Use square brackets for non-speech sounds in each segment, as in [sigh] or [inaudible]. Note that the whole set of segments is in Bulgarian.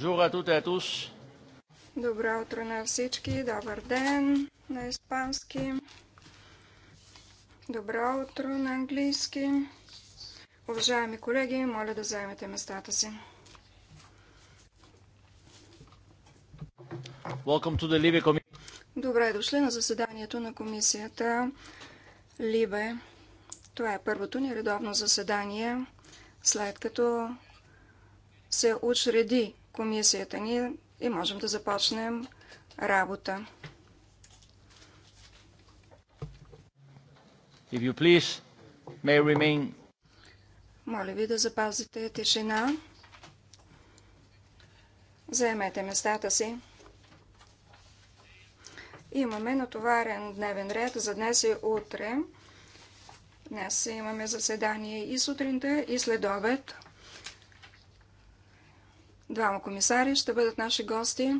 Бонжура, à toutes Добро утро на всички, добър ден на испански. Добро утро на английски. Уважаеми колеги, моля да заемете местата си. Добре дошли на заседанието на комисията Либе. Това е първото ни редовно заседание, след като се учреди комисията ни и можем да започнем работа. If you please, may remain... Моля ви да запазите тишина. Заемете местата си. Имаме натоварен дневен ред за днес и утре. Днес имаме заседание и сутринта, и след обед. Двама комисари ще бъдат наши гости.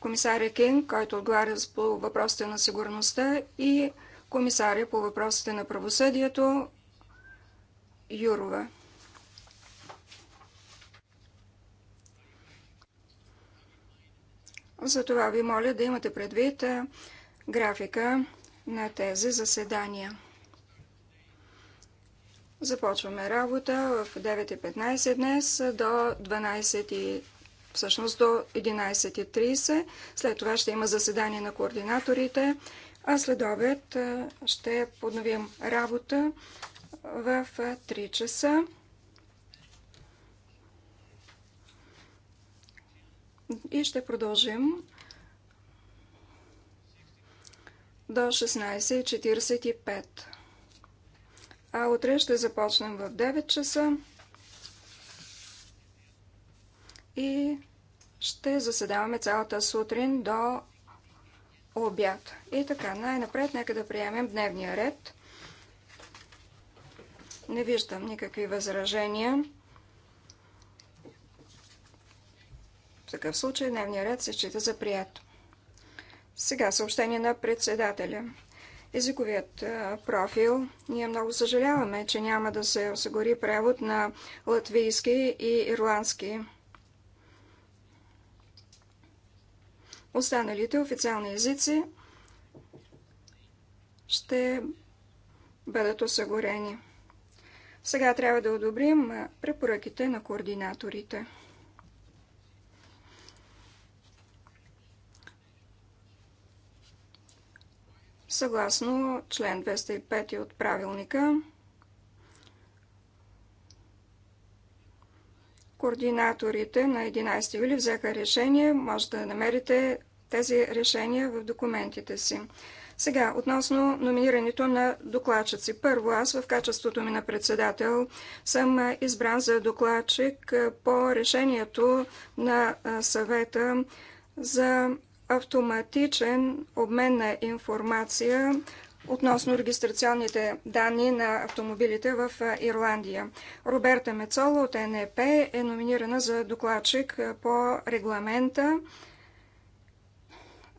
Комисаря Кинг, който отговаря по въпросите на сигурността и комисаря по въпросите на правосъдието Юрова. Затова ви моля да имате предвид графика на тези заседания. Започваме работа в 9.15 днес до 12 всъщност до 11.30. След това ще има заседание на координаторите, а след обед ще подновим работа в 3 часа. И ще продължим до 16.45. А утре ще започнем в 9 часа и ще заседаваме цялата сутрин до обяд. И така, най-напред нека да приемем дневния ред. Не виждам никакви възражения. В такъв случай дневния ред се счита за прият. Сега съобщение на председателя езиковият профил. Ние много съжаляваме, че няма да се осигури превод на латвийски и ирландски. Останалите официални езици ще бъдат осигурени. Сега трябва да одобрим препоръките на координаторите. съгласно член 205 от правилника. Координаторите на 11 юли взеха решение. Може да намерите тези решения в документите си. Сега, относно номинирането на докладчици. Първо, аз в качеството ми на председател съм избран за докладчик по решението на съвета за автоматичен обмен на информация относно регистрационните данни на автомобилите в Ирландия. Роберта Мецола от НЕП е номинирана за докладчик по регламента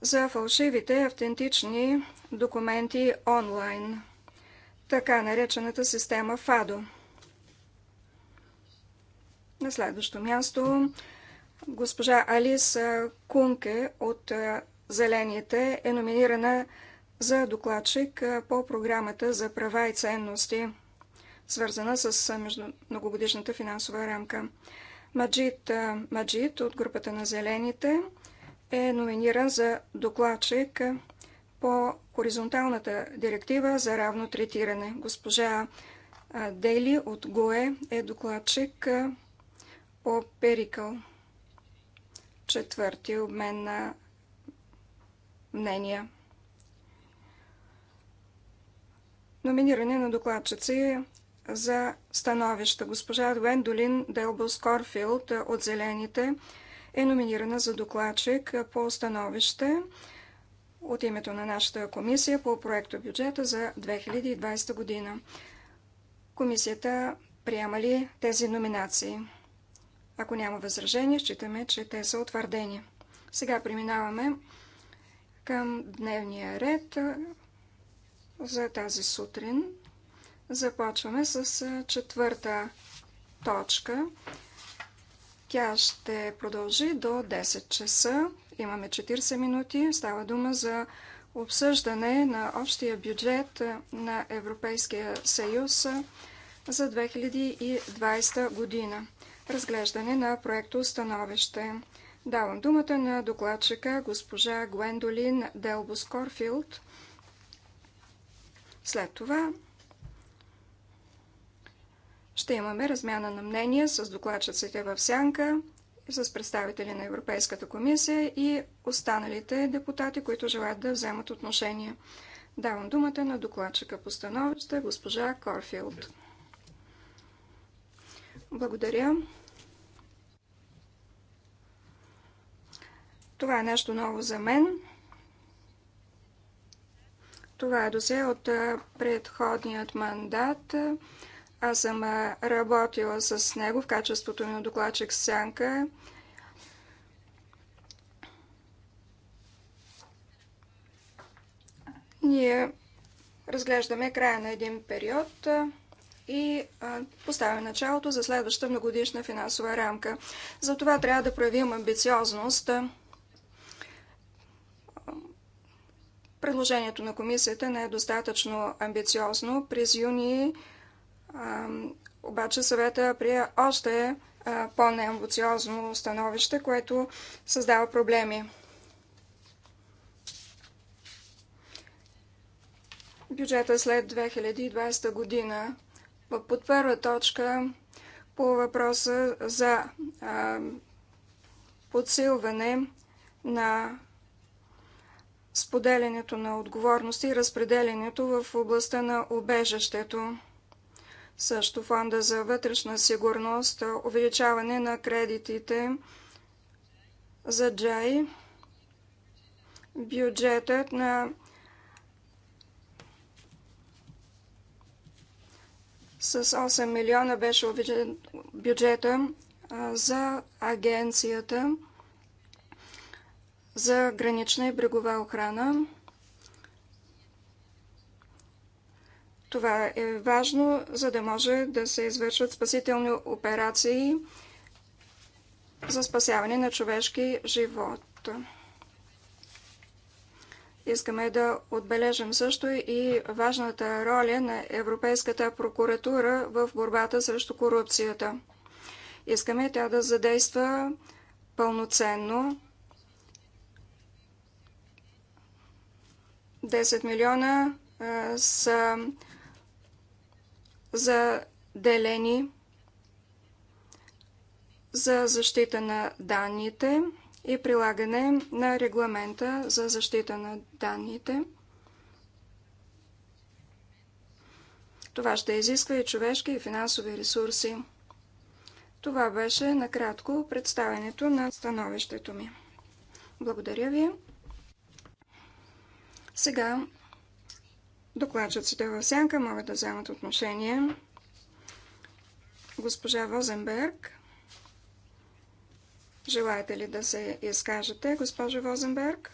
за фалшивите автентични документи онлайн, така наречената система ФАДО. На следващо място Госпожа Алис Кунке от Зелените е номинирана за докладчик по програмата за права и ценности, свързана с многогодишната финансова рамка. Маджит Маджит от групата на Зелените е номиниран за докладчик по хоризонталната директива за равно третиране. Госпожа Дейли от ГОЕ е докладчик по Перикъл четвърти обмен на мнения. Номиниране на докладчици за становища. Госпожа Гвендолин Делбус Корфилд от Зелените е номинирана за докладчик по становище от името на нашата комисия по проекто бюджета за 2020 година. Комисията приема ли тези номинации? Ако няма възражение, считаме, че те са утвърдени. Сега преминаваме към дневния ред за тази сутрин. Започваме с четвърта точка. Тя ще продължи до 10 часа. Имаме 40 минути. Става дума за обсъждане на общия бюджет на Европейския съюз за 2020 година разглеждане на проекто становище. Давам думата на докладчика госпожа Гвендолин Делбус Корфилд. След това ще имаме размяна на мнения с докладчиците в Сянка, с представители на Европейската комисия и останалите депутати, които желаят да вземат отношение. Давам думата на докладчика по становище госпожа Корфилд. Благодаря. Това е нещо ново за мен. Това е досе от предходният мандат. Аз съм работила с него в качеството ми на докладчик Сянка. Ние разглеждаме края на един период и поставя началото за следваща многодишна финансова рамка. За това трябва да проявим амбициозност. Предложението на комисията не е достатъчно амбициозно. През юни обаче съвета прие още по-неамбициозно становище, което създава проблеми. Бюджета след 2020 година под първа точка по въпроса за а, подсилване на споделянето на отговорности и разпределянето в областта на обежащето Също фонда за вътрешна сигурност, увеличаване на кредитите за джай, бюджетът на С 8 милиона беше увеличен бюджета за агенцията за гранична и брегова охрана. Това е важно, за да може да се извършват спасителни операции за спасяване на човешки живот. Искаме да отбележим също и важната роля на Европейската прокуратура в борбата срещу корупцията. Искаме тя да задейства пълноценно 10 милиона са заделени за защита на данните и прилагане на регламента за защита на данните. Това ще изисква и човешки и финансови ресурси. Това беше накратко представенето на становището ми. Благодаря ви. Сега докладчиците в сянка могат да вземат отношение. Госпожа Возенберг Желаете ли да се изкажете, госпожо Возенберг?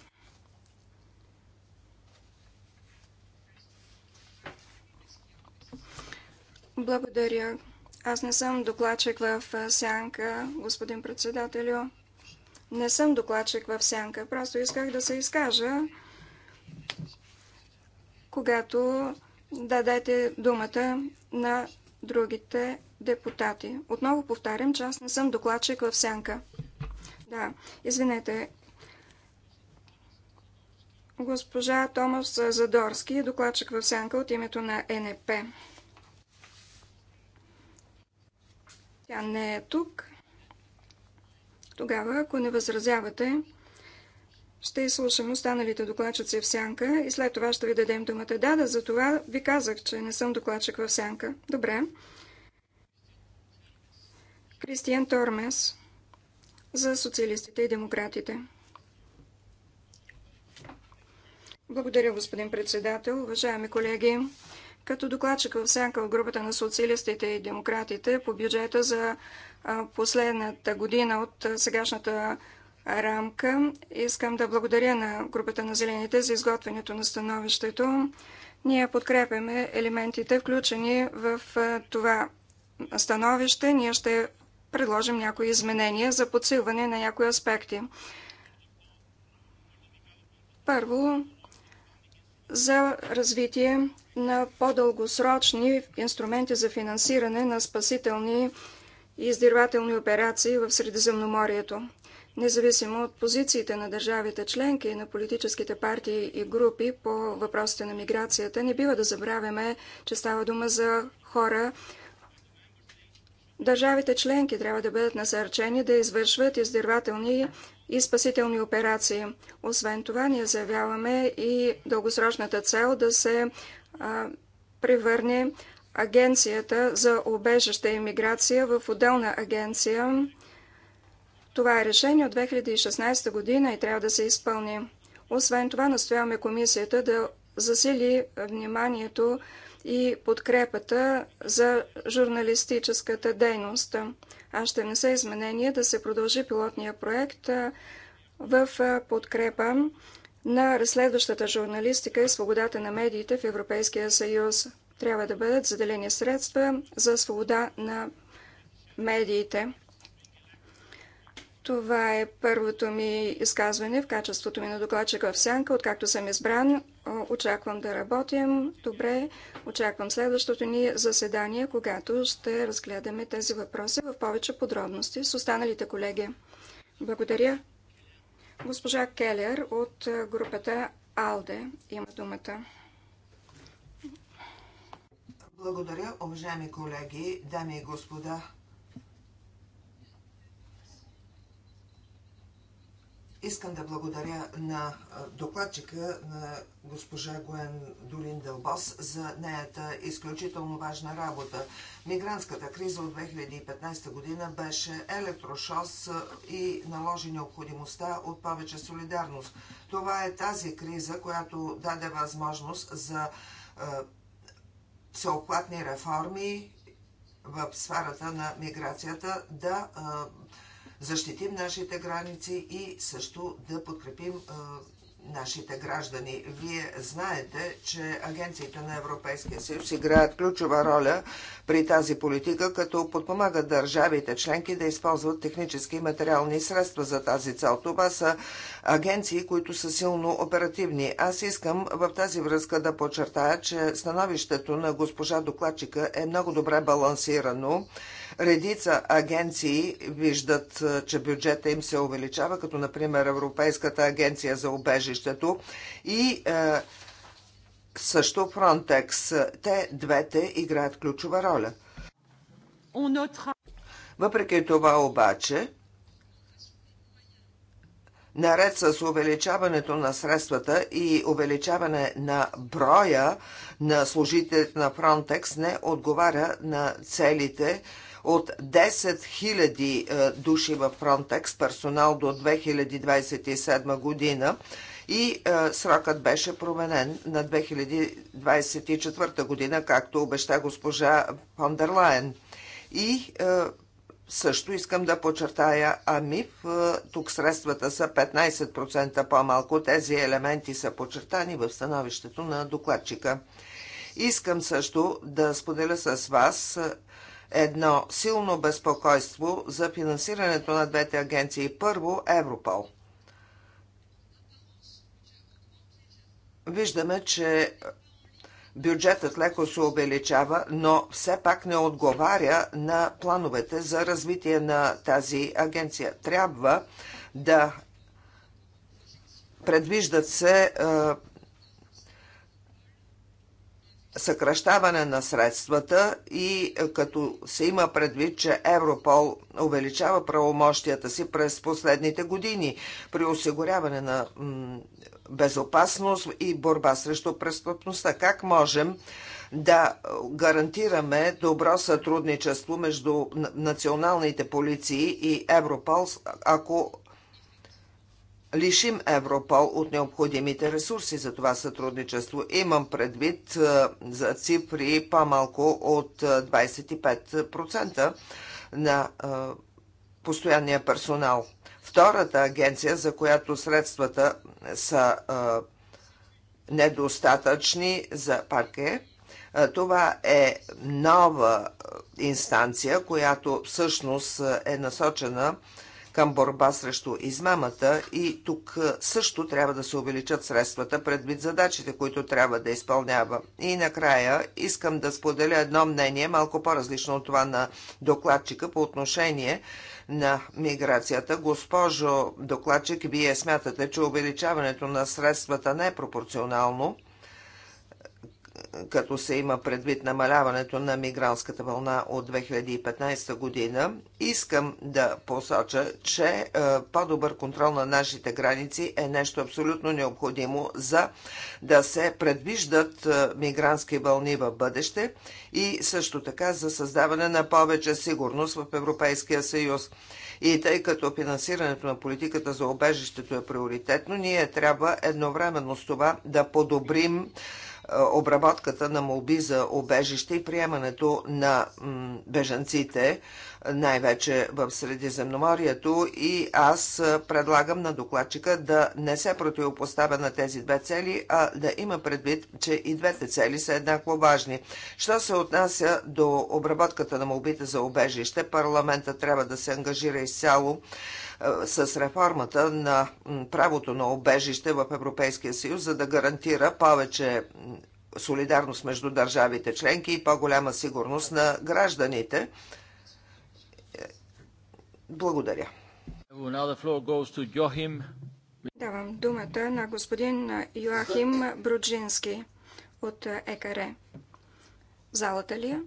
Благодаря. Аз не съм докладчик в сянка, господин председателю. Не съм докладчик в сянка. Просто исках да се изкажа, когато дадете думата на другите депутати. Отново повтарям, че аз не съм докладчик в сянка. Да, извинете. Госпожа Томас Задорски, докладчик в сянка от името на НП. Тя не е тук. Тогава, ако не възразявате, ще изслушам останалите докладчици в сянка и след това ще ви дадем думата. Да, да, за това ви казах, че не съм докладчик в сянка. Добре. Кристиан Тормес за социалистите и демократите. Благодаря, господин председател. Уважаеми колеги, като докладчик в сянка в групата на социалистите и демократите по бюджета за последната година от сегашната рамка, искам да благодаря на групата на зелените за изготвянето на становището. Ние подкрепяме елементите, включени в това становище. Ние ще предложим някои изменения за подсилване на някои аспекти. Първо, за развитие на по-дългосрочни инструменти за финансиране на спасителни и издирвателни операции в Средиземноморието. Независимо от позициите на държавите членки и на политическите партии и групи по въпросите на миграцията, не бива да забравяме, че става дума за хора, Държавите членки трябва да бъдат насърчени да извършват издирвателни и спасителни операции. Освен това, ние заявяваме и дългосрочната цел да се а, превърне Агенцията за обежаща иммиграция в отделна агенция. Това е решение от 2016 година и трябва да се изпълни. Освен това, настояваме комисията да засили вниманието и подкрепата за журналистическата дейност. Аз ще внеса изменение да се продължи пилотния проект в подкрепа на разследващата журналистика и свободата на медиите в Европейския съюз. Трябва да бъдат заделени средства за свобода на медиите. Това е първото ми изказване в качеството ми на докладчика в Сянка. Откакто съм избран, очаквам да работим добре. Очаквам следващото ни заседание, когато ще разгледаме тези въпроси в повече подробности с останалите колеги. Благодаря. Госпожа Келер от е, групата АЛДЕ има думата. Благодаря, уважаеми колеги, дами и господа Искам да благодаря на докладчика, на госпожа Гуен Долин Дълбос, за неята изключително важна работа. Мигрантската криза от 2015 година беше електрошос и наложи необходимостта от повече солидарност. Това е тази криза, която даде възможност за всеоплатни реформи в сферата на миграцията да защитим нашите граници и също да подкрепим нашите граждани. Вие знаете, че агенциите на Европейския съюз играят ключова роля при тази политика, като подпомагат държавите членки да използват технически и материални средства за тази цел. Това са агенции, които са силно оперативни. Аз искам в тази връзка да подчертая, че становището на госпожа докладчика е много добре балансирано Редица агенции виждат, че бюджета им се увеличава, като например Европейската агенция за убежището и също Frontex. Те двете играят ключова роля. Въпреки това обаче, наред с увеличаването на средствата и увеличаване на броя на служителите на Frontex не отговаря на целите, от 10 000 е, души в Frontex, персонал до 2027 година и е, срокът беше променен на 2024 година, както обеща госпожа Фондерлайн. И е, също искам да подчертая АМИФ. Тук средствата са 15% по-малко. Тези елементи са подчертани в становището на докладчика. Искам също да споделя с вас едно силно безпокойство за финансирането на двете агенции. Първо, Европол. Виждаме, че бюджетът леко се увеличава, но все пак не отговаря на плановете за развитие на тази агенция. Трябва да предвиждат се е, съкръщаване на средствата и е, като се има предвид, че Европол увеличава правомощията си през последните години при осигуряване на безопасност и борба срещу престъпността. Как можем да е, гарантираме добро сътрудничество между националните полиции и Европол, ако лишим Европол от необходимите ресурси за това сътрудничество. Имам предвид е, за цифри по-малко от 25% е, на е, постоянния персонал. Втората агенция, за която средствата са недостатъчни за парке, това е нова инстанция, която всъщност е насочена към борба срещу измамата и тук също трябва да се увеличат средствата предвид задачите, които трябва да изпълнява. И накрая искам да споделя едно мнение, малко по-различно от това на докладчика по отношение на миграцията. Госпожо докладчик, вие смятате, че увеличаването на средствата не е пропорционално като се има предвид намаляването на мигрантската вълна от 2015 година, искам да посоча, че е, по-добър контрол на нашите граници е нещо абсолютно необходимо за да се предвиждат е, мигрантски вълни в бъдеще и също така за създаване на повече сигурност в Европейския съюз. И тъй като финансирането на политиката за обежището е приоритетно, ние трябва едновременно с това да подобрим обработката на молби за обежище и приемането на бежанците най-вече в Средиземноморието и аз предлагам на докладчика да не се противопоставя на тези две цели, а да има предвид, че и двете цели са еднакво важни. Що се отнася до обработката на молбите за обежище, парламента трябва да се ангажира изцяло е, с реформата на правото на обежище в Европейския съюз, за да гарантира повече солидарност между държавите членки и по-голяма сигурност на гражданите. Благодаря. Давам думата на господин Йоахим Бруджински от ЕКАРЕ. Залата ли е?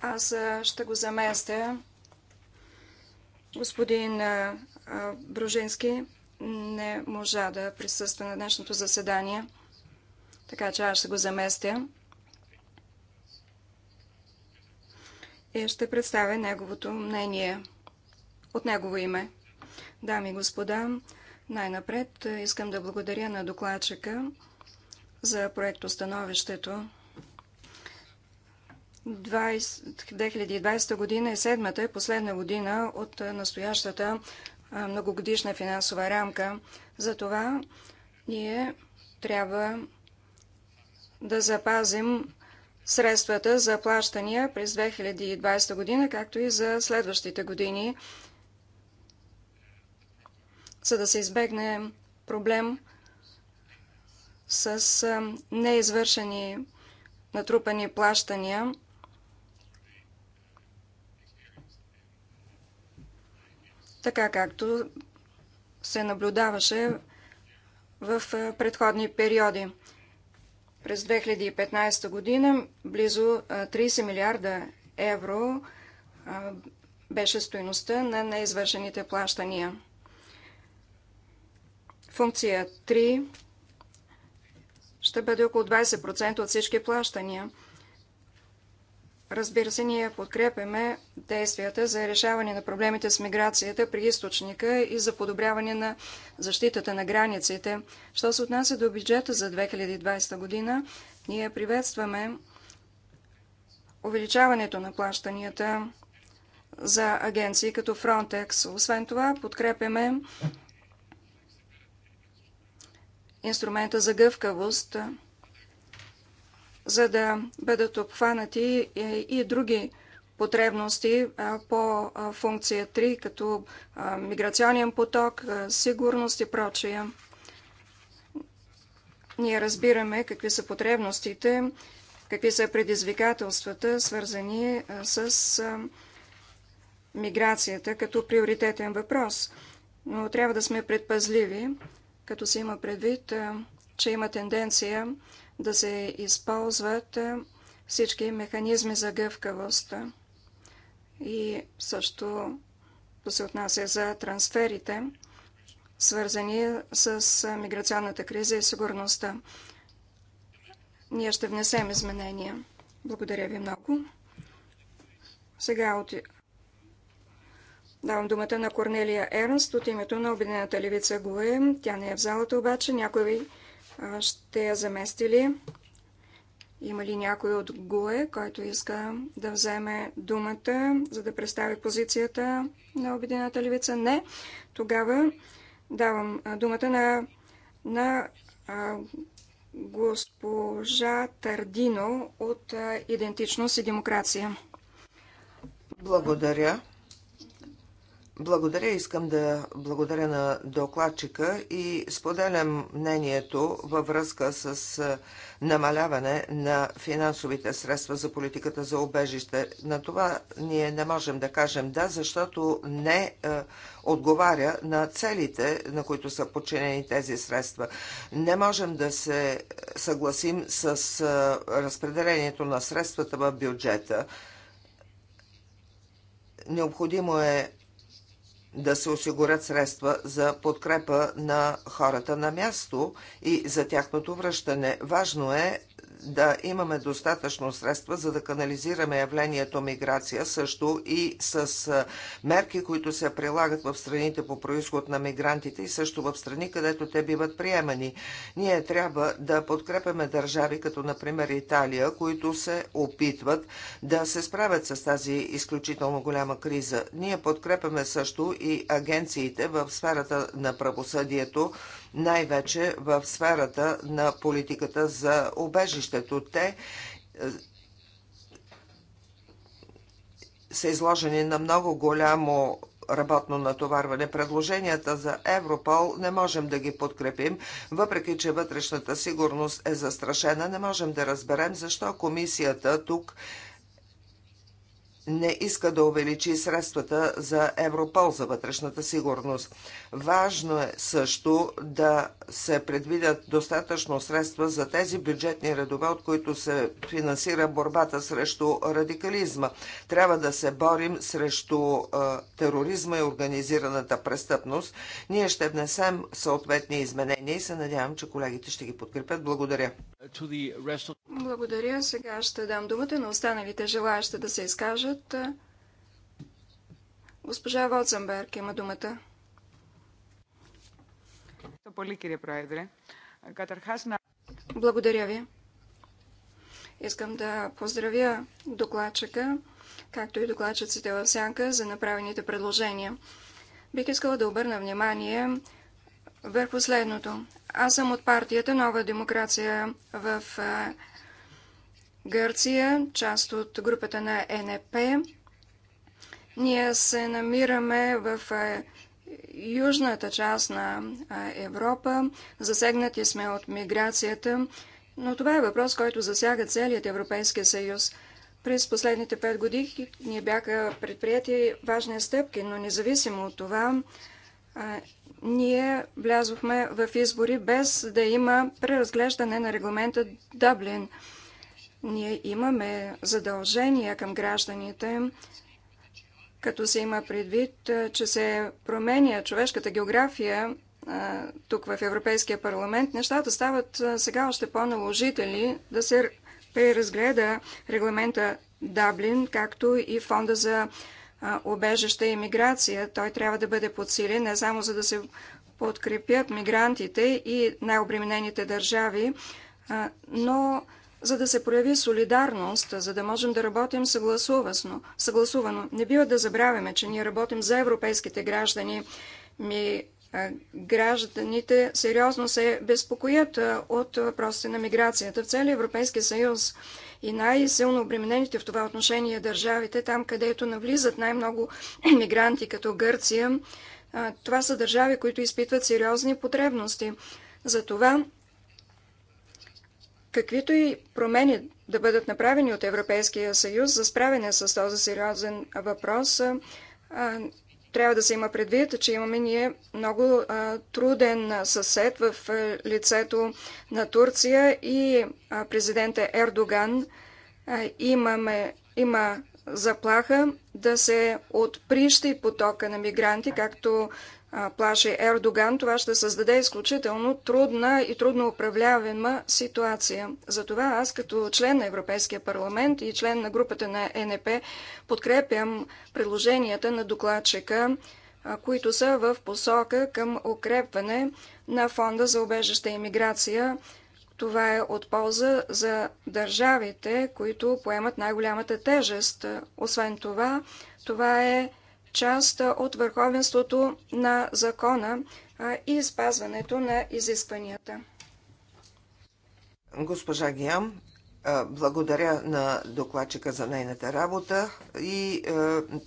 Аз ще го заместя. Господин Бружински не можа да присъства на днешното заседание – така че аз ще го заместя и ще представя неговото мнение от негово име. Дами и господа, най-напред искам да благодаря на докладчика за проектостановището. 2020 година е седмата и последна година от настоящата многогодишна финансова рамка. Затова ние трябва да запазим средствата за плащания през 2020 година, както и за следващите години, за да се избегне проблем с неизвършени натрупани плащания. така както се наблюдаваше в предходни периоди. През 2015 година близо 30 милиарда евро беше стоеността на неизвършените плащания. Функция 3 ще бъде около 20% от всички плащания. Разбира се, ние подкрепяме действията за решаване на проблемите с миграцията при източника и за подобряване на защитата на границите. Що се отнася до бюджета за 2020 година, ние приветстваме увеличаването на плащанията за агенции като Frontex. Освен това, подкрепяме инструмента за гъвкавост – за да бъдат обхванати и други потребности по функция 3, като миграционен поток, сигурност и прочее. Ние разбираме какви са потребностите, какви са предизвикателствата, свързани с миграцията като приоритетен въпрос. Но трябва да сме предпазливи, като се има предвид, че има тенденция да се използват е, всички механизми за гъвкавост и също да се отнася за трансферите, свързани с е, миграционната криза и сигурността. Ние ще внесем изменения. Благодаря ви много. Сега от... давам думата на Корнелия Ернст от името на Обединената левица ГУЕ. Тя не е в залата, обаче някой ще я замести ли? Има ли някой от ГУЕ, който иска да вземе думата, за да представи позицията на Обединената левица? Не. Тогава давам думата на, на а, госпожа Тардино от Идентичност и демокрация. Благодаря. Благодаря, искам да благодаря на докладчика и споделям мнението във връзка с намаляване на финансовите средства за политиката за обежище. На това ние не можем да кажем да, защото не е, отговаря на целите, на които са подчинени тези средства. Не можем да се съгласим с е, разпределението на средствата в бюджета. Необходимо е да се осигурят средства за подкрепа на хората на място и за тяхното връщане. Важно е да имаме достатъчно средства, за да канализираме явлението миграция, също и с мерки, които се прилагат в страните по происход на мигрантите и също в страни, където те биват приемани. Ние трябва да подкрепяме държави, като например Италия, които се опитват да се справят с тази изключително голяма криза. Ние подкрепяме също и агенциите в сферата на правосъдието, най-вече в сферата на политиката за обежището. Те е, са изложени на много голямо работно натоварване. Предложенията за Европол не можем да ги подкрепим, въпреки че вътрешната сигурност е застрашена. Не можем да разберем защо комисията тук не иска да увеличи средствата за Европол за вътрешната сигурност. Важно е също да се предвидят достатъчно средства за тези бюджетни редове, от които се финансира борбата срещу радикализма. Трябва да се борим срещу тероризма и организираната престъпност. Ние ще внесем съответни изменения и се надявам, че колегите ще ги подкрепят. Благодаря. Благодаря. Сега ще дам думата на останалите желаящи да се изкажат изкажат. Госпожа Волценберг има думата. Благодаря ви. Искам да поздравя докладчика, както и докладчиците в сянка за направените предложения. Бих искала да обърна внимание върху следното. Аз съм от партията Нова демокрация в Гърция, част от групата на ЕНП. Ние се намираме в южната част на Европа. Засегнати сме от миграцията, но това е въпрос, който засяга целият Европейския съюз. През последните пет години ни бяха предприяти важни стъпки, но независимо от това, ние влязохме в избори без да има преразглеждане на регламента Дъблин – ние имаме задължения към гражданите, като се има предвид, че се променя човешката география тук в Европейския парламент, нещата стават сега още по-наложители да се преразгледа регламента Даблин, както и фонда за обежища и миграция. Той трябва да бъде подсилен не само за да се подкрепят мигрантите и най-обременените държави, но за да се прояви солидарност, за да можем да работим съгласувано. Не бива да забравяме, че ние работим за европейските граждани. Ми, гражданите сериозно се безпокоят от въпросите на миграцията в целия Европейски съюз. И най-силно обременените в това отношение държавите, там където навлизат най-много [clears throat] мигранти, като Гърция, това са държави, които изпитват сериозни потребности. Затова каквито и промени да бъдат направени от Европейския съюз за справяне с този сериозен въпрос, трябва да се има предвид, че имаме ние много труден съсед в лицето на Турция и президента Ердоган. Имаме, има заплаха да се отприщи потока на мигранти, както плаши Ердоган, това ще създаде изключително трудна и трудно управляваема ситуация. Затова аз като член на Европейския парламент и член на групата на НП подкрепям предложенията на докладчика, които са в посока към укрепване на Фонда за обежаща иммиграция. Това е от полза за държавите, които поемат най-голямата тежест. Освен това, това е част от върховенството на закона и спазването на изискванията. Госпожа Гиам, благодаря на докладчика за нейната работа и е,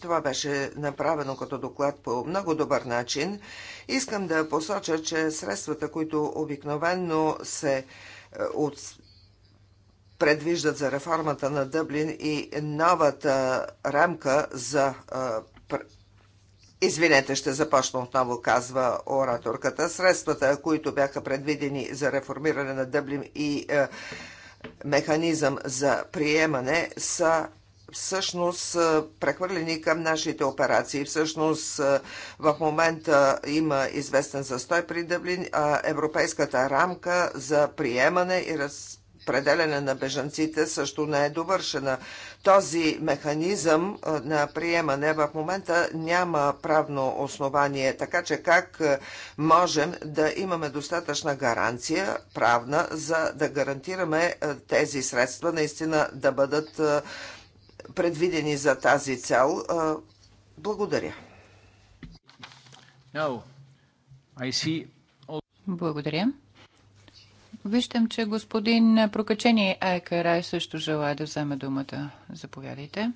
това беше направено като доклад по много добър начин. Искам да посоча, че средствата, които обикновенно се от, предвиждат за реформата на Дъблин и новата рамка за е, Извинете, ще започна отново, казва ораторката. Средствата, които бяха предвидени за реформиране на Дъблин и е, механизъм за приемане, са всъщност е, прехвърлени към нашите операции. Всъщност е, в момента има известен застой при Дъблин. Европейската рамка за приемане и раз Определяне на бежанците също не е довършена. Този механизъм на приемане в момента няма правно основание, така че как можем да имаме достатъчна гаранция правна, за да гарантираме тези средства наистина да бъдат предвидени за тази цел. Благодаря. No. Благодаря. Виждам, че господин Прокачени Айкарай също желая да вземе думата. Заповядайте.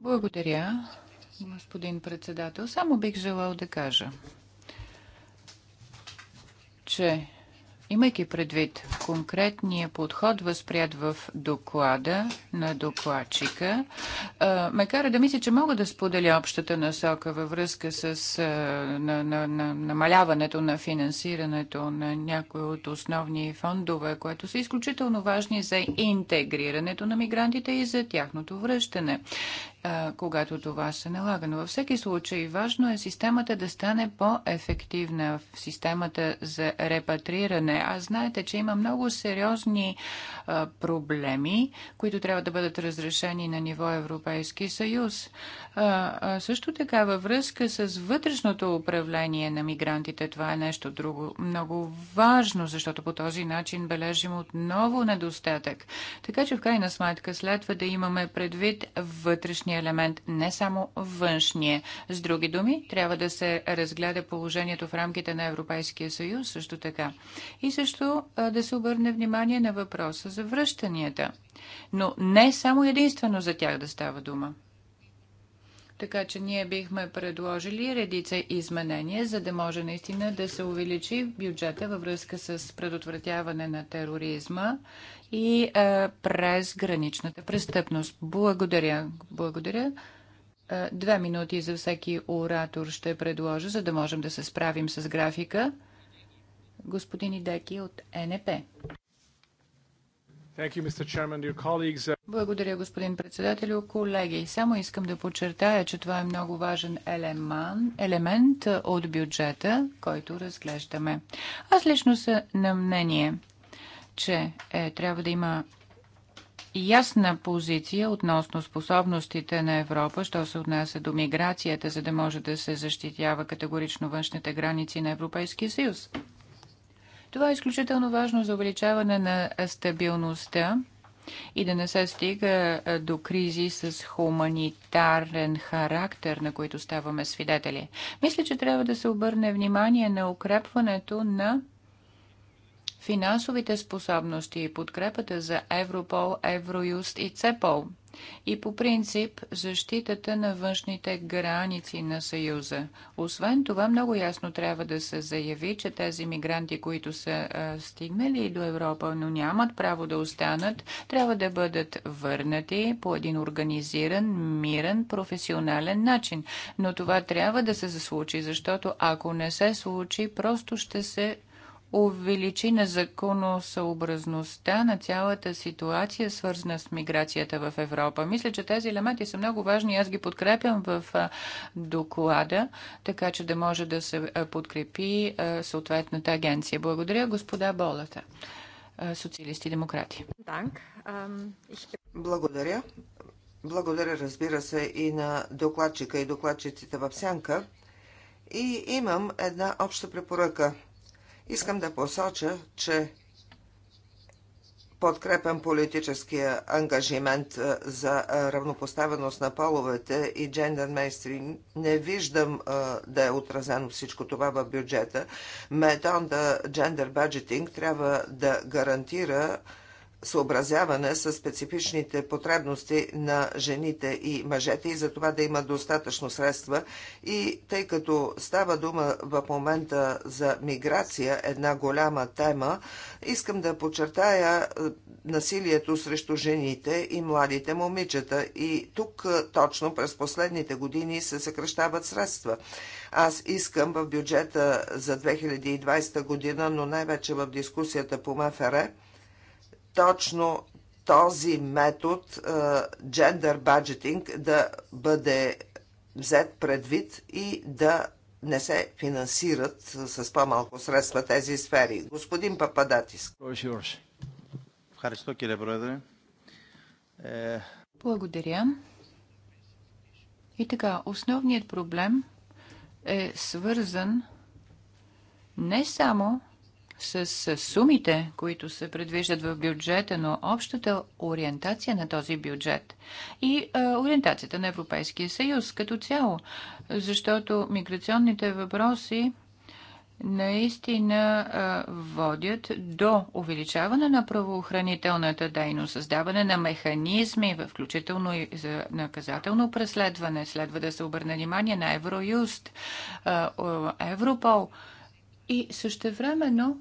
Благодаря, господин председател. Само бих желал да кажа, че Имайки предвид конкретния подход, възприят в доклада на докладчика, ме кара да мисля, че мога да споделя общата насока във връзка с намаляването на финансирането на някои от основни фондове, което са изключително важни за интегрирането на мигрантите и за тяхното връщане когато това се налага. Но във всеки случай важно е системата да стане по-ефективна в системата за репатриране. А знаете, че има много сериозни а, проблеми, които трябва да бъдат разрешени на ниво Европейски съюз. А, а също така във връзка с вътрешното управление на мигрантите, това е нещо друго много важно, защото по този начин бележим отново недостатък. Така че в крайна сметка следва да имаме предвид вътрешния вътрешния елемент, не само външния. С други думи, трябва да се разгледа положението в рамките на Европейския съюз също така. И също да се обърне внимание на въпроса за връщанията. Но не само единствено за тях да става дума. Така че ние бихме предложили редица изменения, за да може наистина да се увеличи бюджета във връзка с предотвратяване на тероризма и а, през граничната престъпност. Благодаря. Благодаря. две минути за всеки оратор ще предложа, за да можем да се справим с графика. Господин Идеки от НП. Uh, Благодаря, господин председател, Колеги, само искам да подчертая, че това е много важен елемент от бюджета, който разглеждаме. Аз лично съм на мнение, че е, трябва да има ясна позиция относно способностите на Европа, що се отнася до миграцията, за да може да се защитява категорично външните граници на Европейския съюз. Това е изключително важно за увеличаване на стабилността и да не се стига до кризи с хуманитарен характер, на които ставаме свидетели. Мисля, че трябва да се обърне внимание на укрепването на финансовите способности и подкрепата за Европол, Евроюст и Цепол – и по принцип защитата на външните граници на Съюза. Освен това, много ясно трябва да се заяви, че тези мигранти, които са а, стигнали до Европа, но нямат право да останат, трябва да бъдат върнати по един организиран, мирен, професионален начин. Но това трябва да се заслучи, защото ако не се случи, просто ще се увеличи незаконосъобразността на цялата ситуация, свързана с миграцията в Европа. Мисля, че тези елементи са много важни. Аз ги подкрепям в доклада, така че да може да се подкрепи съответната агенция. Благодаря, господа Болата, социалисти и демократи. Благодаря. Благодаря, разбира се, и на докладчика и докладчиците в Сянка. И имам една обща препоръка – Искам да посоча, че подкрепям политическия ангажимент е, за е, равнопоставеност на половете и джендър мейнстрим. Не виждам е, да е отразено всичко това в бюджета. Метонда джендър бюджетинг трябва да гарантира съобразяване с специфичните потребности на жените и мъжете и за това да има достатъчно средства. И тъй като става дума в момента за миграция, една голяма тема, искам да подчертая е, насилието срещу жените и младите момичета. И тук е, точно през последните години се съкръщават средства. Аз искам в бюджета за 2020 година, но най-вече в дискусията по МФР, точно този метод е, gender budgeting да бъде взет предвид и да не се финансират с по-малко средства тези сфери. Господин Пападатис. Е, Благодаря. И така, основният проблем е свързан не само с сумите, които се предвиждат в бюджета, но общата ориентация на този бюджет и ориентацията на Европейския съюз като цяло, защото миграционните въпроси наистина водят до увеличаване на правоохранителната дейност, създаване на механизми, включително и за наказателно преследване. Следва да се обърне внимание на Евроюст, Европол. И същевременно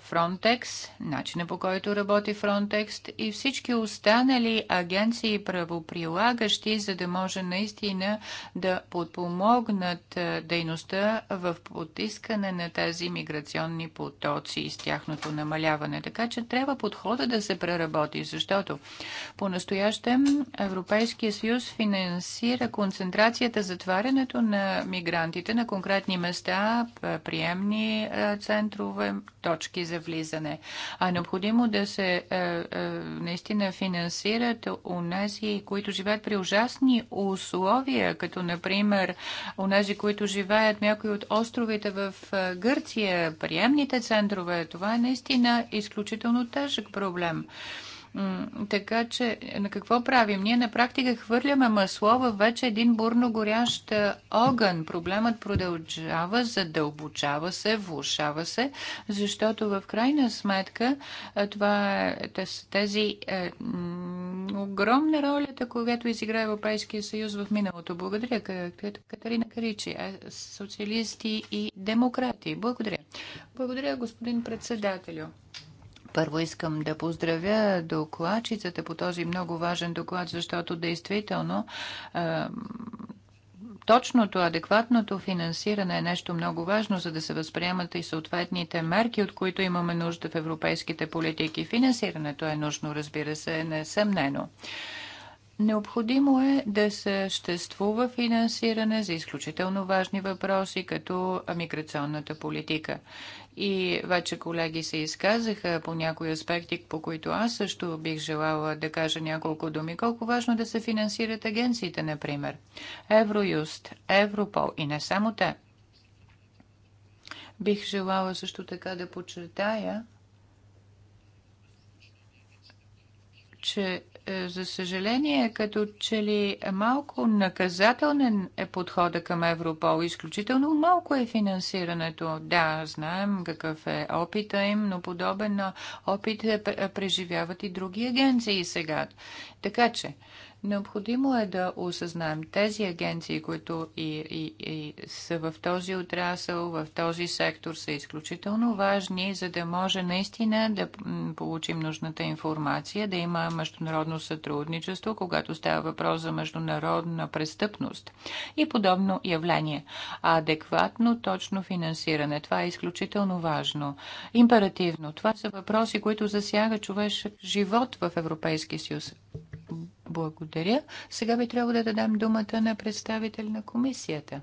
Фронтекс, начина по който работи Фронтекс и всички останали агенции правоприлагащи, за да може наистина да подпомогнат е, дейността в потискане на тези миграционни потоци и с тяхното намаляване. Така че трябва подхода да се преработи, защото по-настоящем Европейския съюз финансира концентрацията затварянето на мигрантите на конкретни места, приемни е, центрове, точки точки за влизане, а е необходимо да се е, е, наистина финансират унези, които живеят при ужасни условия, като например унези, които живеят някои от островите в е, Гърция, приемните центрове. Това е наистина изключително тежък проблем. Така че, на какво правим? Ние на практика хвърляме масло във вече един бурно горящ е, огън. Проблемът продължава, задълбочава се, влушава се, защото в крайна сметка е, това е тези е, огромна ролята, която изигра Европейския съюз в миналото. Благодаря, Катерина Каричи, е, социалисти и демократи. Благодаря. Благодаря, господин председателю. Първо искам да поздравя докладчицата по този много важен доклад, защото действително точното, адекватното финансиране е нещо много важно, за да се възприемат и съответните мерки, от които имаме нужда в европейските политики. Финансирането е нужно, разбира се, несъмнено. Необходимо е да съществува финансиране за изключително важни въпроси, като миграционната политика. И вече колеги се изказаха по някои аспекти, по които аз също бих желала да кажа няколко думи. Колко важно да се финансират агенциите, например. Евроюст, Европол и не само те. Бих желала също така да подчертая, че е, за съжаление, като че ли малко наказателен е подхода към Европол. Изключително малко е финансирането. Да, знаем какъв е опита им, но подобен опит е преживяват и други агенции сега. Така че, Необходимо е да осъзнаем тези агенции, които и, и, и са в този отрасъл, в този сектор, са изключително важни, за да може наистина да получим нужната информация, да има международно сътрудничество, когато става въпрос за международна престъпност и подобно явление. адекватно, точно финансиране. Това е изключително важно. Императивно. Това са въпроси, които засягат човешък живот в Европейския съюз. Благодаря. Сега би трябвало да дам думата на представител на комисията.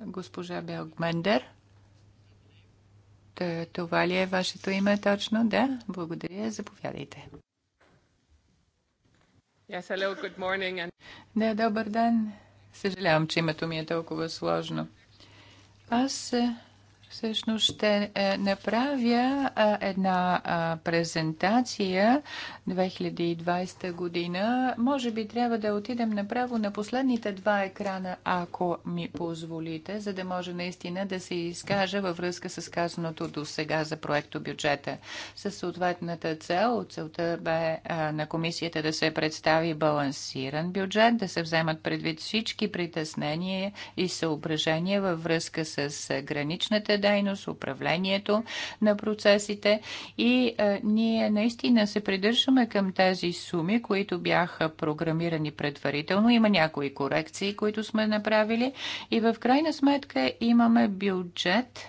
Госпожа Белгмендер. Това ли е вашето име точно? Да. Благодаря. Заповядайте. Yes, hello, good morning. And... Да, добър ден. Съжалявам, че името ми е толкова сложно. Аз Всъщност ще е, направя една презентация 2020 година. Може би трябва да отидем направо на последните два екрана, ако ми позволите, за да може наистина да се изкаже във връзка с казаното до сега за проекто бюджета. Със съответната цел, целта бе на комисията да се представи балансиран бюджет, да се вземат предвид всички притеснения и съображения във връзка с граничната дейност, управлението на процесите и е, ние наистина се придържаме към тези суми, които бяха програмирани предварително. Има някои корекции, които сме направили и в крайна сметка имаме бюджет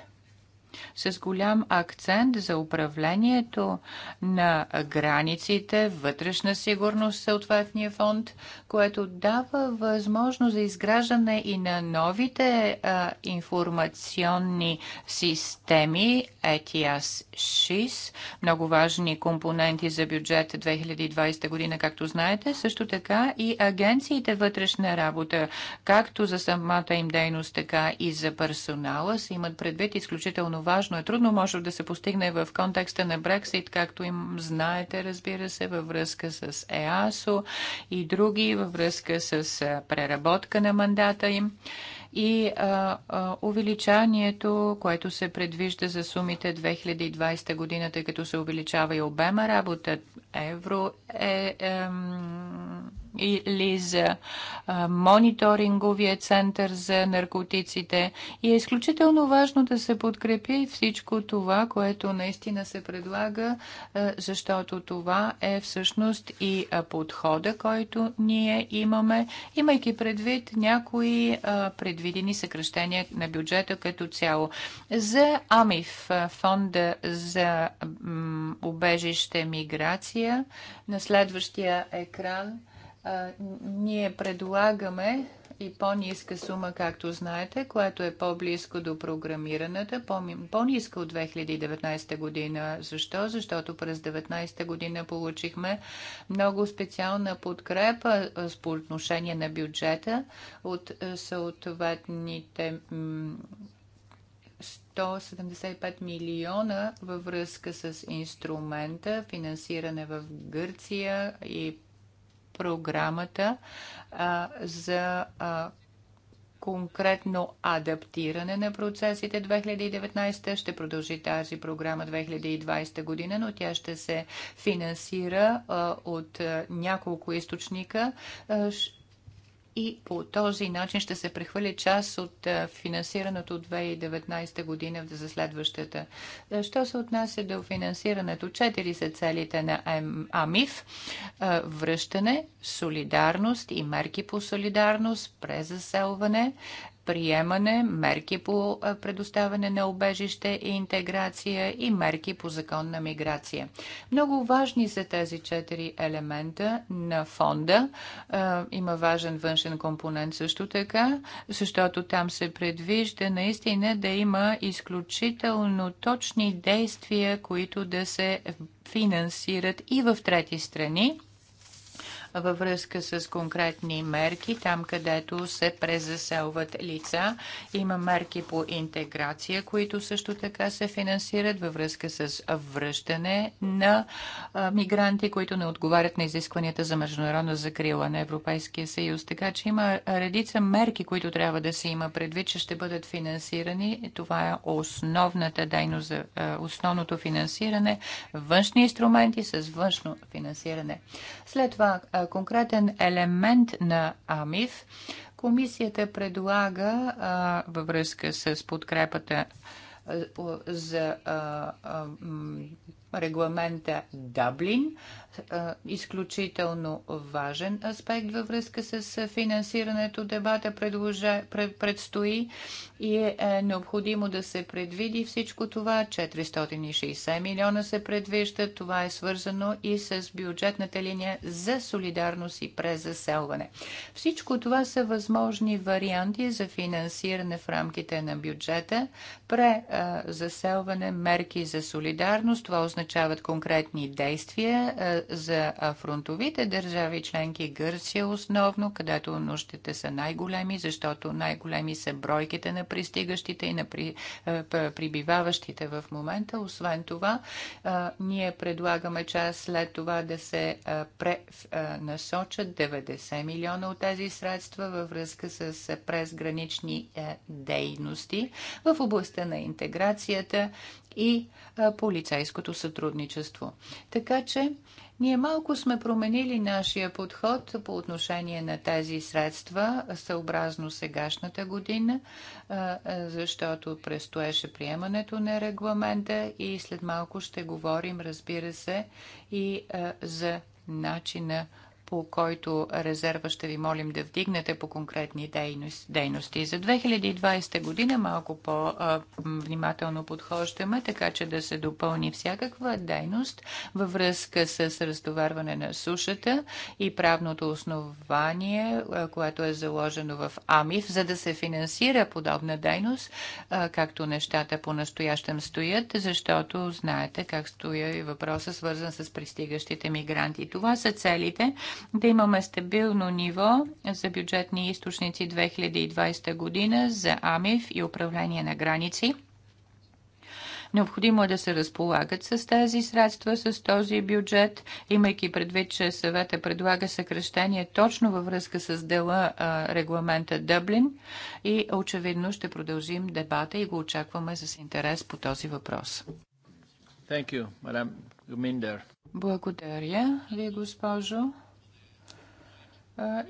с голям акцент за управлението на границите, вътрешна сигурност, съответния фонд, което дава възможност за изграждане и на новите а, информационни системи ETS 6, много важни компоненти за бюджет 2020 година, както знаете, също така и агенциите вътрешна работа, както за самата им дейност, така и за персонала, се имат предвид изключително важно е. Трудно може да се постигне в контекста на Брексит, както им знаете, разбира се, във връзка с ЕАСО и други във връзка с преработка на мандата им и а, а, увеличанието, което се предвижда за сумите 2020 година, тъй като се увеличава и обема работа евро е, е, или за мониторинговия център за наркотиците. И е изключително важно да се подкрепи всичко това, което наистина се предлага, защото това е всъщност и подхода, който ние имаме, имайки предвид някои предвидени съкръщения на бюджета като цяло. За АМИФ, фонда за убежище миграция, на следващия екран – ние предлагаме и по-ниска сума, както знаете, което е по-близко до програмираната, по-ниска от 2019 година. Защо? Защото през 2019 година получихме много специална подкрепа по отношение на бюджета от съответните 175 милиона във връзка с инструмента, финансиране в Гърция и програмата а, за а, конкретно адаптиране на процесите 2019. Ще продължи тази програма 2020 година, но тя ще се финансира а, от а, няколко източника. А, и по този начин ще се прехвърли част от финансирането от 2019 година за следващата. Що се отнася до финансирането? Четири са целите на АМИФ. Връщане, солидарност и мерки по солидарност, презаселване, приемане, мерки по предоставяне на обежище и интеграция и мерки по закон на миграция. Много важни са тези четири елемента на фонда. Има важен външен компонент също така, защото там се предвижда наистина да има изключително точни действия, които да се финансират и в трети страни във връзка с конкретни мерки, там където се презаселват лица. Има мерки по интеграция, които също така се финансират във връзка с връщане на мигранти, които не отговарят на изискванията за международна закрила на Европейския съюз. Така че има редица мерки, които трябва да се има предвид, че ще бъдат финансирани. Това е основната дейност за основното финансиране, външни инструменти с външно финансиране. След това конкретен елемент на АМИФ, комисията предлага а, във връзка с подкрепата за а, а, регламента Даблин е, изключително важен аспект във връзка с финансирането. Дебата предложа, предстои и е, е необходимо да се предвиди всичко това. 460 милиона се предвижда. Това е свързано и с бюджетната линия за солидарност и презаселване. Всичко това са възможни варианти за финансиране в рамките на бюджета, презаселване, е, мерки за солидарност. Това означават конкретни действия за фронтовите държави членки, Гърция основно, където нуждите са най-големи, защото най-големи са бройките на пристигащите и на при, прибиваващите в момента. Освен това, ние предлагаме част след това да се пренасочат 90 милиона от тези средства във връзка с презгранични дейности в областта на интеграцията и полицейското сътрудничество. Така че ние малко сме променили нашия подход по отношение на тези средства, съобразно сегашната година, защото престоеше приемането на регламента и след малко ще говорим, разбира се, и за начина по който резерва ще ви молим да вдигнете по конкретни дейности. За 2020 година малко по-внимателно подхождаме, така че да се допълни всякаква дейност във връзка с разтоварване на сушата и правното основание, което е заложено в АМИФ, за да се финансира подобна дейност, както нещата по-настоящем стоят, защото знаете как стоя и въпроса свързан с пристигащите мигранти. Това са целите, да имаме стабилно ниво за бюджетни източници 2020 година за АМИФ и управление на граници. Необходимо е да се разполагат с тези средства, с този бюджет, имайки предвид, че съвета предлага съкрещение точно във връзка с дела а, регламента Дъблин и очевидно ще продължим дебата и го очакваме с интерес по този въпрос. Thank you, Благодаря ви, госпожо.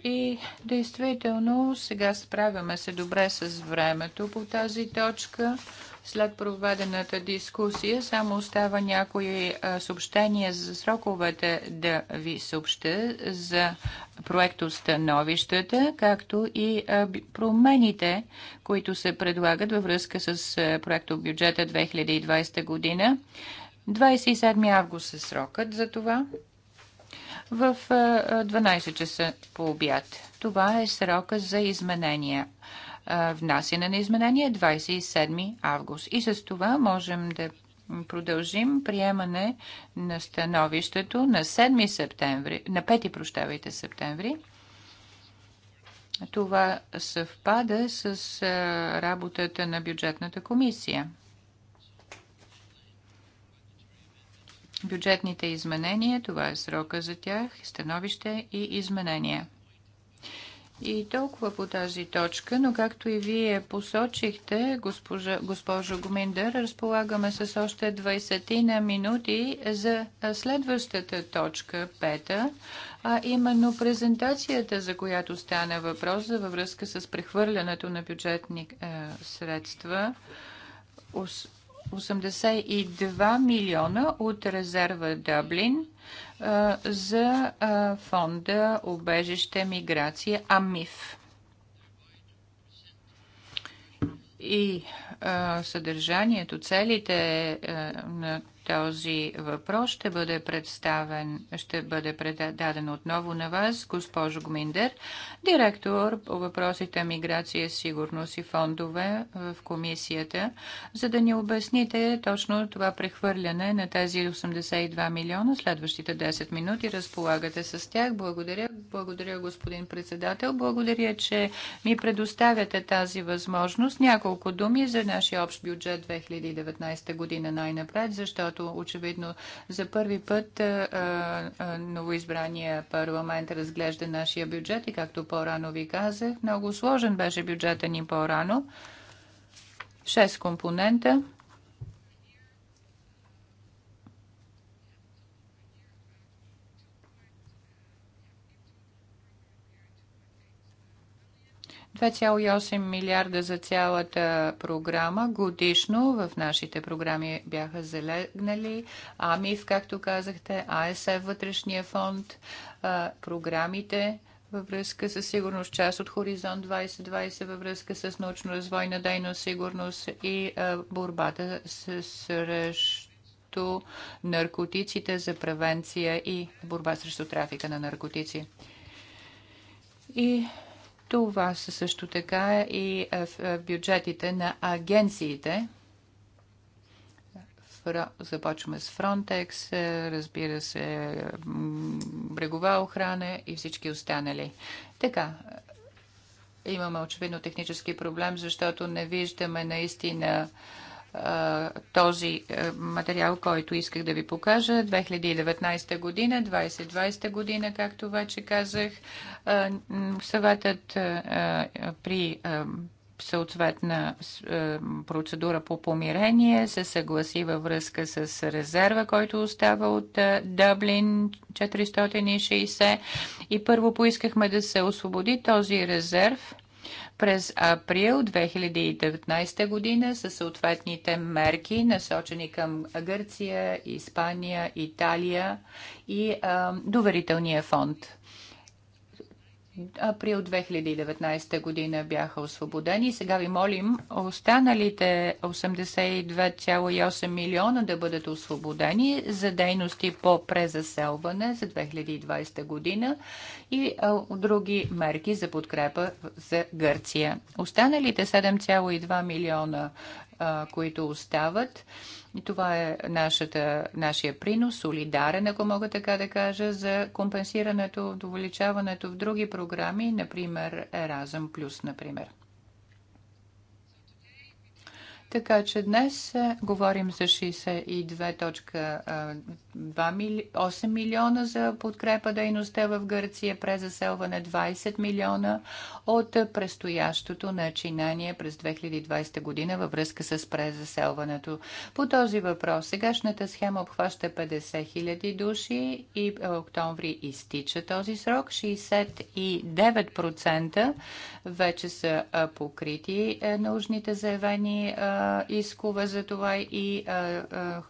И действително сега справяме се добре с времето по тази точка. След проведената дискусия само остава някои съобщения за сроковете да ви съобща за проектостановищата, както и промените, които се предлагат във връзка с проекто бюджета 2020 година. 27 август е срокът за това в 12 часа по обяд. Това е срока за изменения. Внасяне на изменения 27 е август. И с това можем да продължим приемане на становището на 7 септември, на 5 прощавайте септември. Това съвпада с работата на бюджетната комисия. бюджетните изменения, това е срока за тях, становище и изменения. И толкова по тази точка, но както и вие посочихте, госпожа, госпожо Гоминдър, разполагаме с още 20 на минути за следващата точка, пета, а именно презентацията, за която стана въпрос във връзка с прехвърлянето на бюджетни е, средства 82 милиона от резерва Дъблин за фонда Обежище миграция АМИФ. И съдържанието, целите на този въпрос ще бъде представен, ще бъде предаден отново на вас, госпожо Гминдер, директор по въпросите миграция, сигурност и фондове в комисията, за да ни обясните точно това прехвърляне на тези 82 милиона. Следващите 10 минути разполагате с тях. Благодаря, благодаря господин председател. Благодаря, че ми предоставяте тази възможност. Няколко думи за нашия общ бюджет 2019 година най-напред, защото защото очевидно за първи път новоизбрания парламент разглежда нашия бюджет и както по-рано ви казах, много сложен беше бюджета ни по-рано. Шест компонента 2,8 милиарда за цялата програма годишно в нашите програми бяха залегнали АМИФ, както казахте, АСФ, вътрешния фонд, програмите във връзка с сигурност, част от Хоризонт 2020 във връзка с научно-развойна дейност, сигурност и борбата с, срещу наркотиците за превенция и борба срещу трафика на наркотици. И това са също така и в бюджетите на агенциите. Започваме с Frontex, разбира се, брегова охрана и всички останали. Така, имаме очевидно технически проблем, защото не виждаме наистина този материал, който исках да ви покажа. 2019 година, 2020 година, както вече казах, съветът при съответна процедура по помирение, се съгласи във връзка с резерва, който остава от Дъблин 460 и първо поискахме да се освободи този резерв през април 2019 година са съответните мерки, насочени към Гърция, Испания, Италия и доверителния фонд април 2019 година бяха освободени. Сега ви молим останалите 82,8 милиона да бъдат освободени за дейности по презаселване за 2020 година и други мерки за подкрепа за Гърция. Останалите 7,2 милиона а, които остават. И това е нашата, нашия принос, солидарен, ако мога така да кажа, за компенсирането, довеличаването в други програми, например Еразъм Плюс, например. Така че днес е, говорим за 62.8 милиона за подкрепа дейността в Гърция, презаселване 20 милиона от предстоящото начинание през 2020 година във връзка с презаселването. По този въпрос сегашната схема обхваща 50 хиляди души и е, октомври изтича този срок. 69% вече са покрити е, нужните заявени искове за това и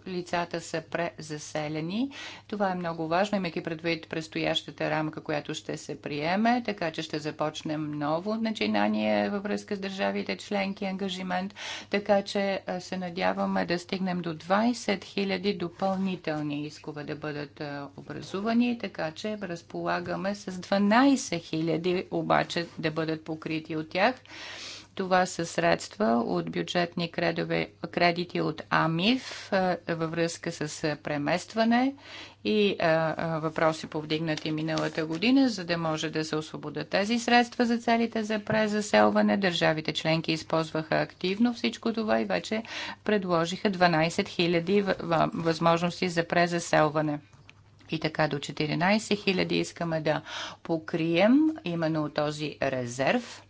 лицата са презаселени. Това е много важно, имайки предвид предстоящата рамка, която ще се приеме, така че ще започнем ново начинание във връзка с държавите членки, ангажимент, така че се надяваме да стигнем до 20 000 допълнителни искове да бъдат образувани, така че разполагаме с 12 000 обаче да бъдат покрити от тях. Това са средства от бюджетни кредове, кредити от АМИФ във връзка с преместване и въпроси повдигнати миналата година, за да може да се освободят тези средства за целите за презаселване. Държавите членки използваха активно всичко това и вече предложиха 12 000 възможности за презаселване и така до 14 000 искаме да покрием именно този резерв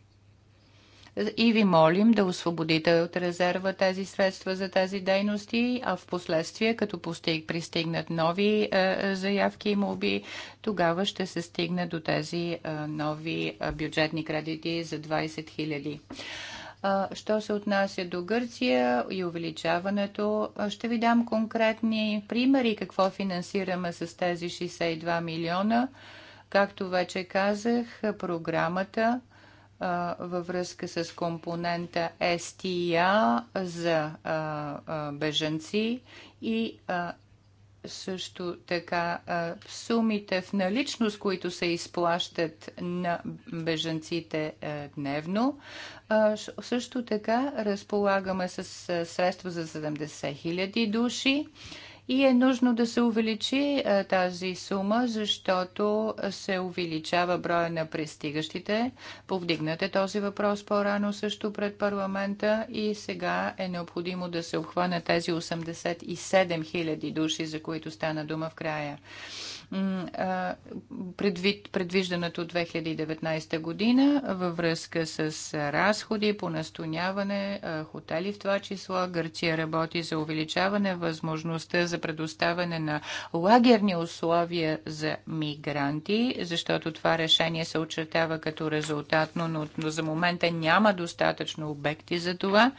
и ви молим да освободите от резерва тези средства за тези дейности, а в последствие, като постиг, пристигнат нови е, е заявки и моби, тогава ще се стигне до тези е, нови е, бюджетни кредити за 20 000. Е, що се отнася до Гърция и увеличаването, ще ви дам конкретни примери какво финансираме с тези 62 милиона. Както вече казах, програмата във връзка с компонента СТИА за бежанци и също така сумите в наличност, които се изплащат на бежанците дневно. Също така разполагаме с средства за 70 000 души и е нужно да се увеличи а, тази сума, защото се увеличава броя на пристигащите. Повдигнате този въпрос по-рано също пред парламента и сега е необходимо да се обхвана тези 87 000 души, за които стана дума в края предвид предвиждането 2019 година във връзка с разходи по настояване, хотели в това число. Гърция работи за увеличаване възможността за предоставяне на лагерни условия за мигранти, защото това решение се очертава като резултатно, но за момента няма достатъчно обекти за това.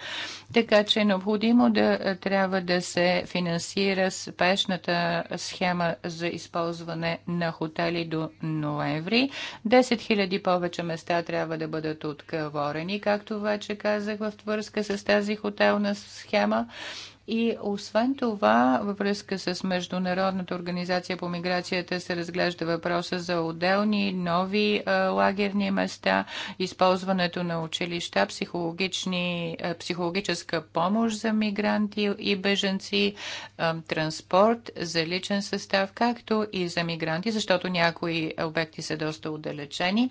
Така че е необходимо да трябва да се финансира спешната схема за използване ползване на хотели до ноември. 10 000 повече места трябва да бъдат отговорени, както вече казах, в връзка с тази хотелна схема. И освен това, във връзка с Международната организация по миграцията се разглежда въпроса за отделни нови а, лагерни места, използването на училища, психологични, а, психологическа помощ за мигранти и беженци, а, транспорт за личен състав, както и за мигранти, защото някои обекти са доста отдалечени.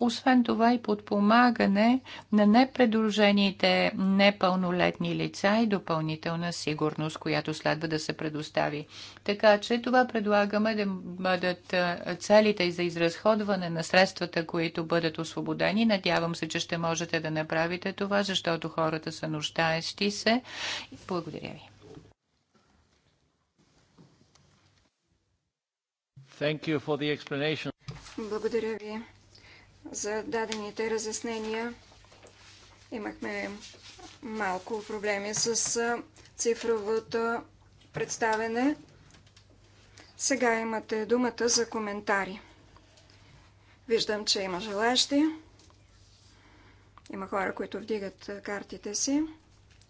Освен това и подпомагане на непредружените непълнолетни лица и допълнителна правна сигурност, която следва да се предостави. Така че това предлагаме да бъдат целите за изразходване на средствата, които бъдат освободени. Надявам се, че ще можете да направите това, защото хората са нуждаещи се. Благодаря ви. Благодаря ви за дадените разяснения. Имахме малко проблеми с цифровото представене. Сега имате думата за коментари. Виждам, че има желащи. Има хора, които вдигат картите си.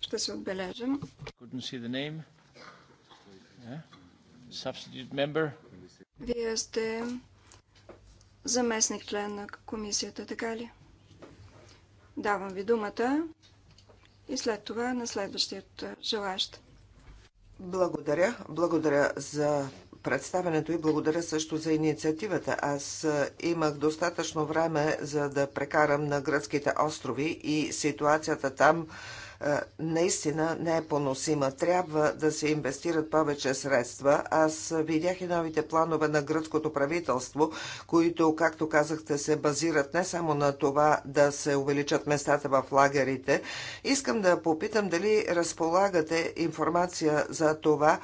Ще се отбележим. Е? Вие сте заместник член на комисията, така ли? Давам ви думата и след това на следващият желащ. Благодаря. Благодаря за представенето и благодаря също за инициативата. Аз имах достатъчно време за да прекарам на гръцките острови и ситуацията там наистина не е поносима. Трябва да се инвестират повече средства. Аз видях и новите планове на гръцкото правителство, които, както казахте, се базират не само на това да се увеличат местата в лагерите. Искам да попитам дали разполагате информация за това,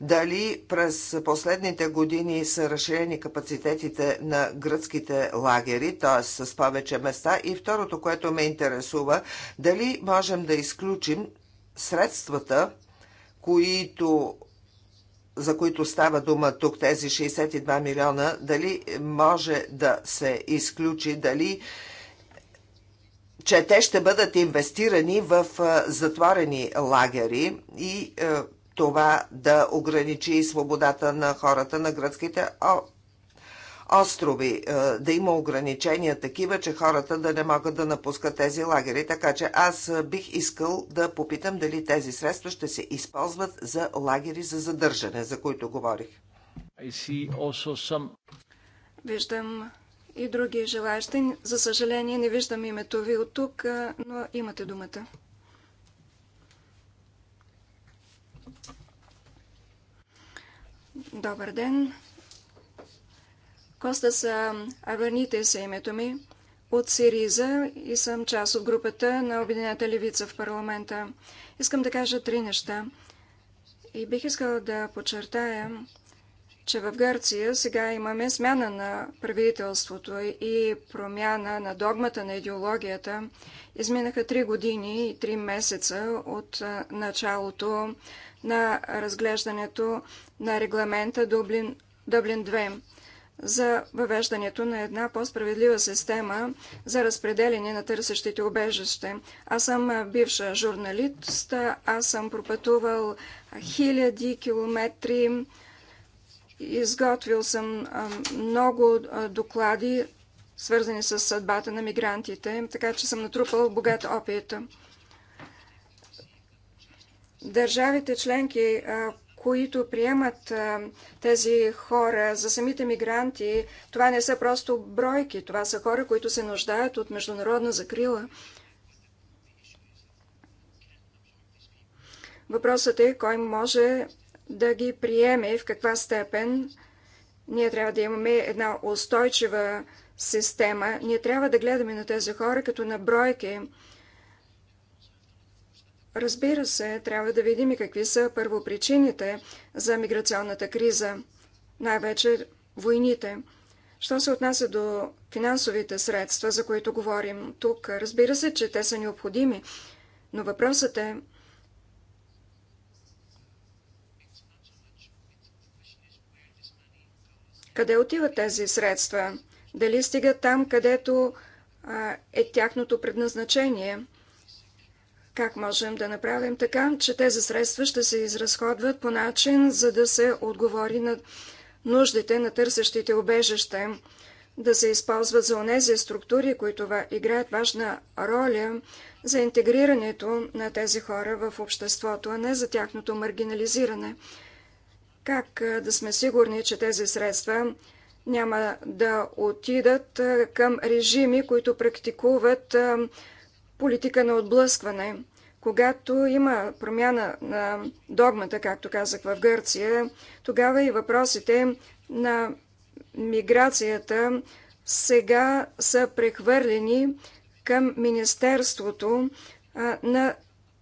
дали през последните години са разширени капацитетите на гръцките лагери, т.е. с повече места. И второто, което ме интересува, дали можем да изключим средствата, които за които става дума тук, тези 62 милиона, дали може да се изключи, дали че те ще бъдат инвестирани в затворени лагери и това да ограничи свободата на хората на гръцките острови, е, да има ограничения такива, че хората да не могат да напускат тези лагери. Така че аз е, бих искал да попитам дали тези средства ще се използват за лагери за задържане, за които говорих. Виждам и други желаящи. За съжаление не виждам името ви от тук, е, но имате думата. Добър ден! Коста са Аверните са името ми от Сириза и съм част от групата на Обединената левица в парламента. Искам да кажа три неща. И бих искала да подчертая, че в Гърция сега имаме смяна на правителството и промяна на догмата на идеологията. Изминаха три години и три месеца от началото на разглеждането на регламента Дублин, Дублин 2 за въвеждането на една по-справедлива система за разпределение на търсещите обежище. Аз съм бивша журналист, аз съм пропътувал хиляди километри, изготвил съм много доклади, свързани с съдбата на мигрантите, така че съм натрупал богат опит държавите членки, които приемат тези хора за самите мигранти, това не са просто бройки, това са хора, които се нуждаят от международна закрила. Въпросът е кой може да ги приеме и в каква степен. Ние трябва да имаме една устойчива система. Ние трябва да гледаме на тези хора като на бройки. Разбира се, трябва да видим и какви са първопричините за миграционната криза, най-вече войните. Що се отнася до финансовите средства, за които говорим тук, разбира се, че те са необходими, но въпросът е къде отиват тези средства, дали стигат там, където а, е тяхното предназначение – как можем да направим така, че тези средства ще се изразходват по начин, за да се отговори на нуждите на търсещите обежище, да се използват за онези структури, които играят важна роля за интегрирането на тези хора в обществото, а не за тяхното маргинализиране. Как да сме сигурни, че тези средства няма да отидат към режими, които практикуват политика на отблъскване. Когато има промяна на догмата, както казах в Гърция, тогава и въпросите на миграцията сега са прехвърлени към Министерството на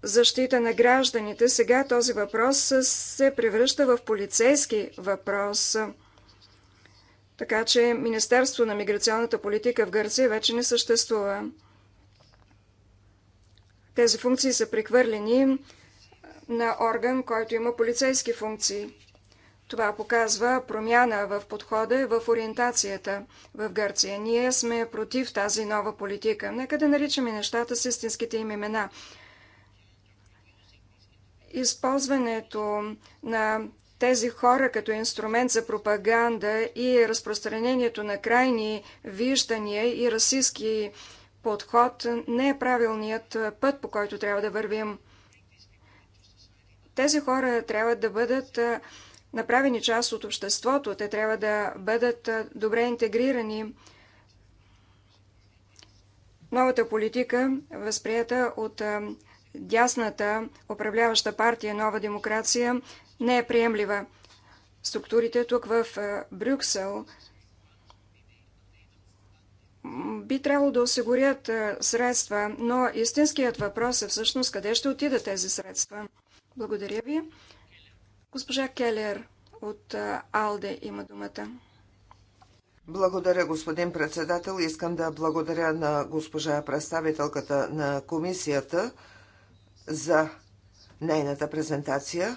защита на гражданите. Сега този въпрос се превръща в полицейски въпрос. Така че Министерство на миграционната политика в Гърция вече не съществува. Тези функции са прехвърлени на орган, който има полицейски функции. Това показва промяна в подхода и в ориентацията в Гърция. Ние сме против тази нова политика. Нека да наричаме нещата с истинските им имена. Използването на тези хора като инструмент за пропаганда и разпространението на крайни виждания и расистски подход не е правилният път, по който трябва да вървим. Тези хора трябва да бъдат направени част от обществото, те трябва да бъдат добре интегрирани. Новата политика, възприята от дясната управляваща партия Нова демокрация, не е приемлива. Структурите тук в Брюксел – би трябвало да осигурят е, средства, но истинският въпрос е всъщност къде ще отидат тези средства. Благодаря ви. Госпожа Келер от е, АЛДЕ има думата. Благодаря, господин председател. Искам да благодаря на госпожа представителката на комисията за нейната презентация.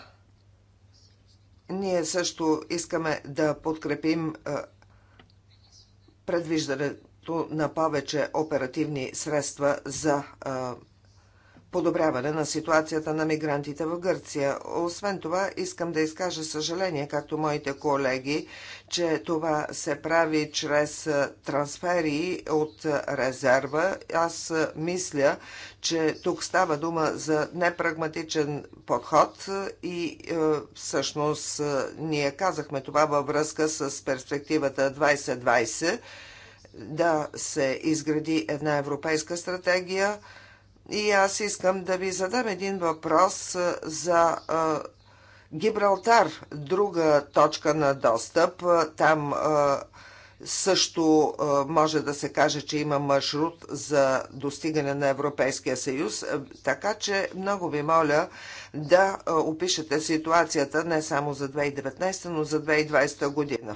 Ние също искаме да подкрепим е, предвиждане, на повече оперативни средства за подобряване на ситуацията на мигрантите в Гърция. Освен това, искам да изкажа съжаление, както моите колеги, че това се прави чрез трансфери от резерва. Аз мисля, че тук става дума за непрагматичен подход и всъщност ние казахме това във връзка с перспективата 2020 да се изгради една европейска стратегия. И аз искам да ви задам един въпрос за Гибралтар, друга точка на достъп. Там също може да се каже, че има маршрут за достигане на Европейския съюз, така че много ви моля да опишете ситуацията не само за 2019, но за 2020 година.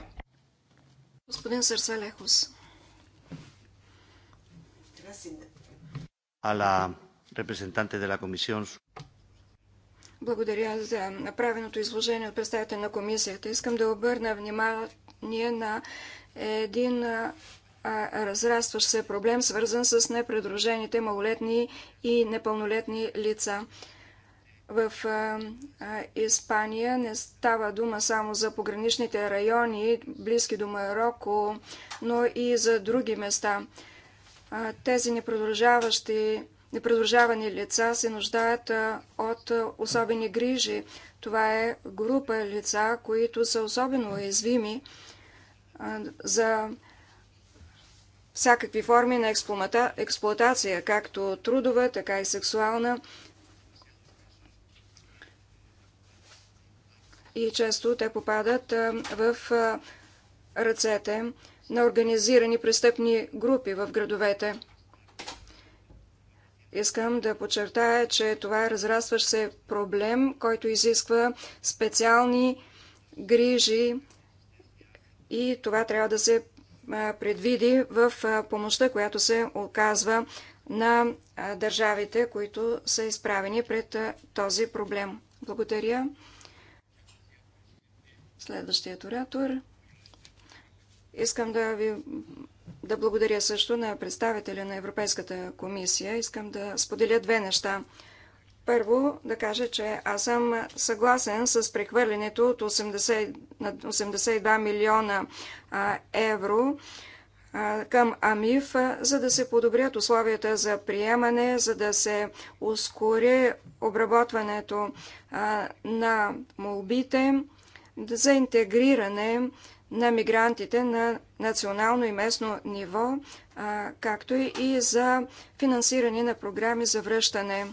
Господин Лехус. a la representante de la Comisión. Благодаря за направеното изложение от представител на комисията. Искам да обърна внимание на един разрастващ се проблем, свързан с непредружените малолетни и непълнолетни лица. В Испания не става дума само за пограничните райони, близки до Марокко, но и за други места – тези непродължаващи непридружавани лица се нуждаят от особени грижи. Това е група лица, които са особено уязвими за всякакви форми на експлуатация, както трудова, така и сексуална. И често те попадат в ръцете на организирани престъпни групи в градовете. Искам да подчертая, че това е разрастващ се проблем, който изисква специални грижи и това трябва да се предвиди в помощта, която се оказва на държавите, които са изправени пред този проблем. Благодаря. Следващият оратор. Искам да ви да благодаря също на представителя на Европейската комисия. Искам да споделя две неща. Първо, да кажа, че аз съм съгласен с прехвърлянето от 80, на 82 милиона евро към АМИФ, за да се подобрят условията за приемане, за да се ускори обработването на молбите за интегриране на мигрантите на национално и местно ниво, както и за финансиране на програми за връщане.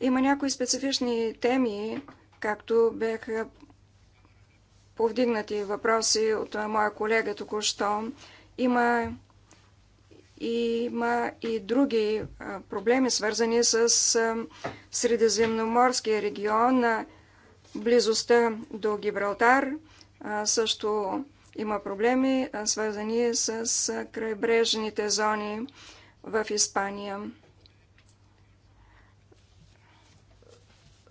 Има някои специфични теми, както бяха повдигнати въпроси от моя колега току-що. Има, има и други проблеми, свързани с Средиземноморския регион, близостта до Гибралтар – също има проблеми, свързани с крайбрежните зони в Испания.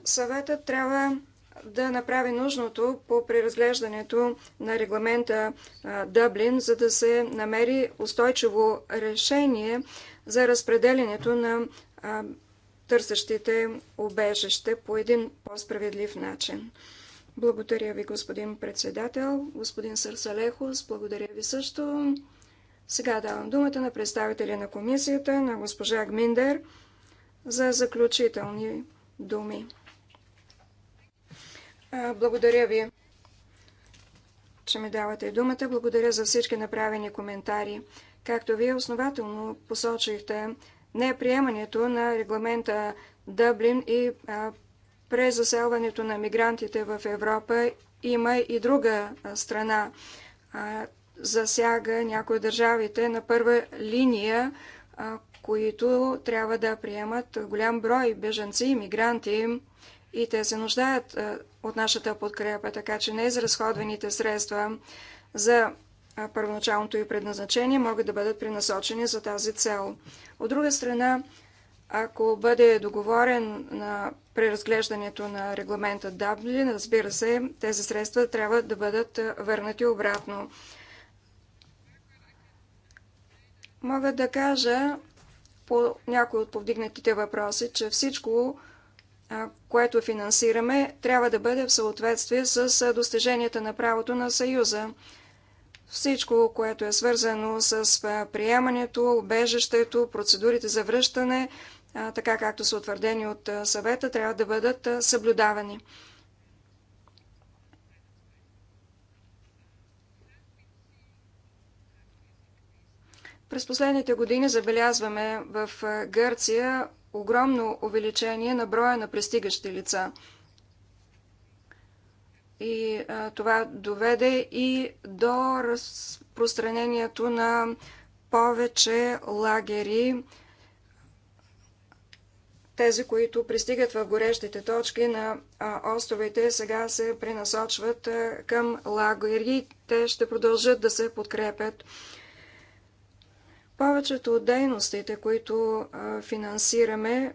Съветът трябва да направи нужното по преразглеждането на регламента Дъблин, за да се намери устойчиво решение за разпределението на търсещите обежище по един по-справедлив начин. Благодаря ви, господин председател. Господин Сърсалехос, благодаря ви също. Сега давам думата на представителя на комисията, на госпожа Гминдер, за заключителни думи. Благодаря ви, че ми давате думата. Благодаря за всички направени коментари. Както вие основателно посочихте, неприемането е на регламента Дъблин и през заселването на мигрантите в Европа има и друга страна. Засяга някои държавите на първа линия, които трябва да приемат голям брой бежанци и мигранти и те се нуждаят от нашата подкрепа, така че изразходваните средства за първоначалното и предназначение могат да бъдат пренасочени за тази цел. От друга страна, ако бъде договорен на преразглеждането на регламента Даблин, разбира се, тези средства трябва да бъдат върнати обратно. Мога да кажа по някои от повдигнатите въпроси, че всичко, което финансираме, трябва да бъде в съответствие с достиженията на правото на Съюза. Всичко, което е свързано с приемането, обежището, процедурите за връщане, така както са утвърдени от съвета, трябва да бъдат съблюдавани. През последните години забелязваме в Гърция огромно увеличение на броя на пристигащи лица. И а, това доведе и до разпространението на повече лагери тези, които пристигат в горещите точки на островите, сега се пренасочват към лагери. Те ще продължат да се подкрепят. Повечето от дейностите, които финансираме,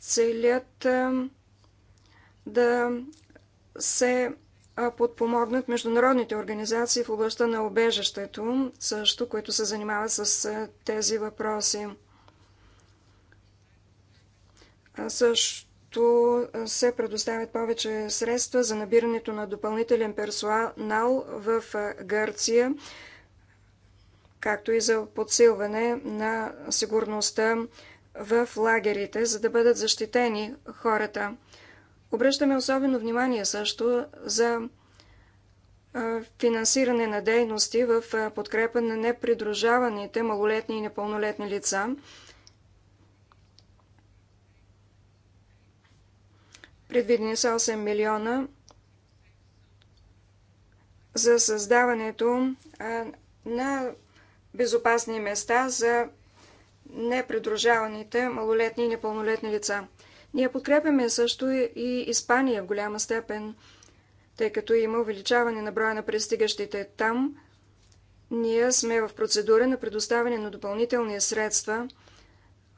целят да се подпомогнат международните организации в областта на обежището, също, които се занимават с тези въпроси. Също се предоставят повече средства за набирането на допълнителен персонал в Гърция, както и за подсилване на сигурността в лагерите, за да бъдат защитени хората. Обръщаме особено внимание също за финансиране на дейности в подкрепа на непридружаваните малолетни и непълнолетни лица – Предвидени са 8 милиона за създаването на безопасни места за непредружаваните малолетни и непълнолетни лица. Ние подкрепяме също и Испания в голяма степен, тъй като има увеличаване на броя на пристигащите там. Ние сме в процедура на предоставяне на допълнителни средства –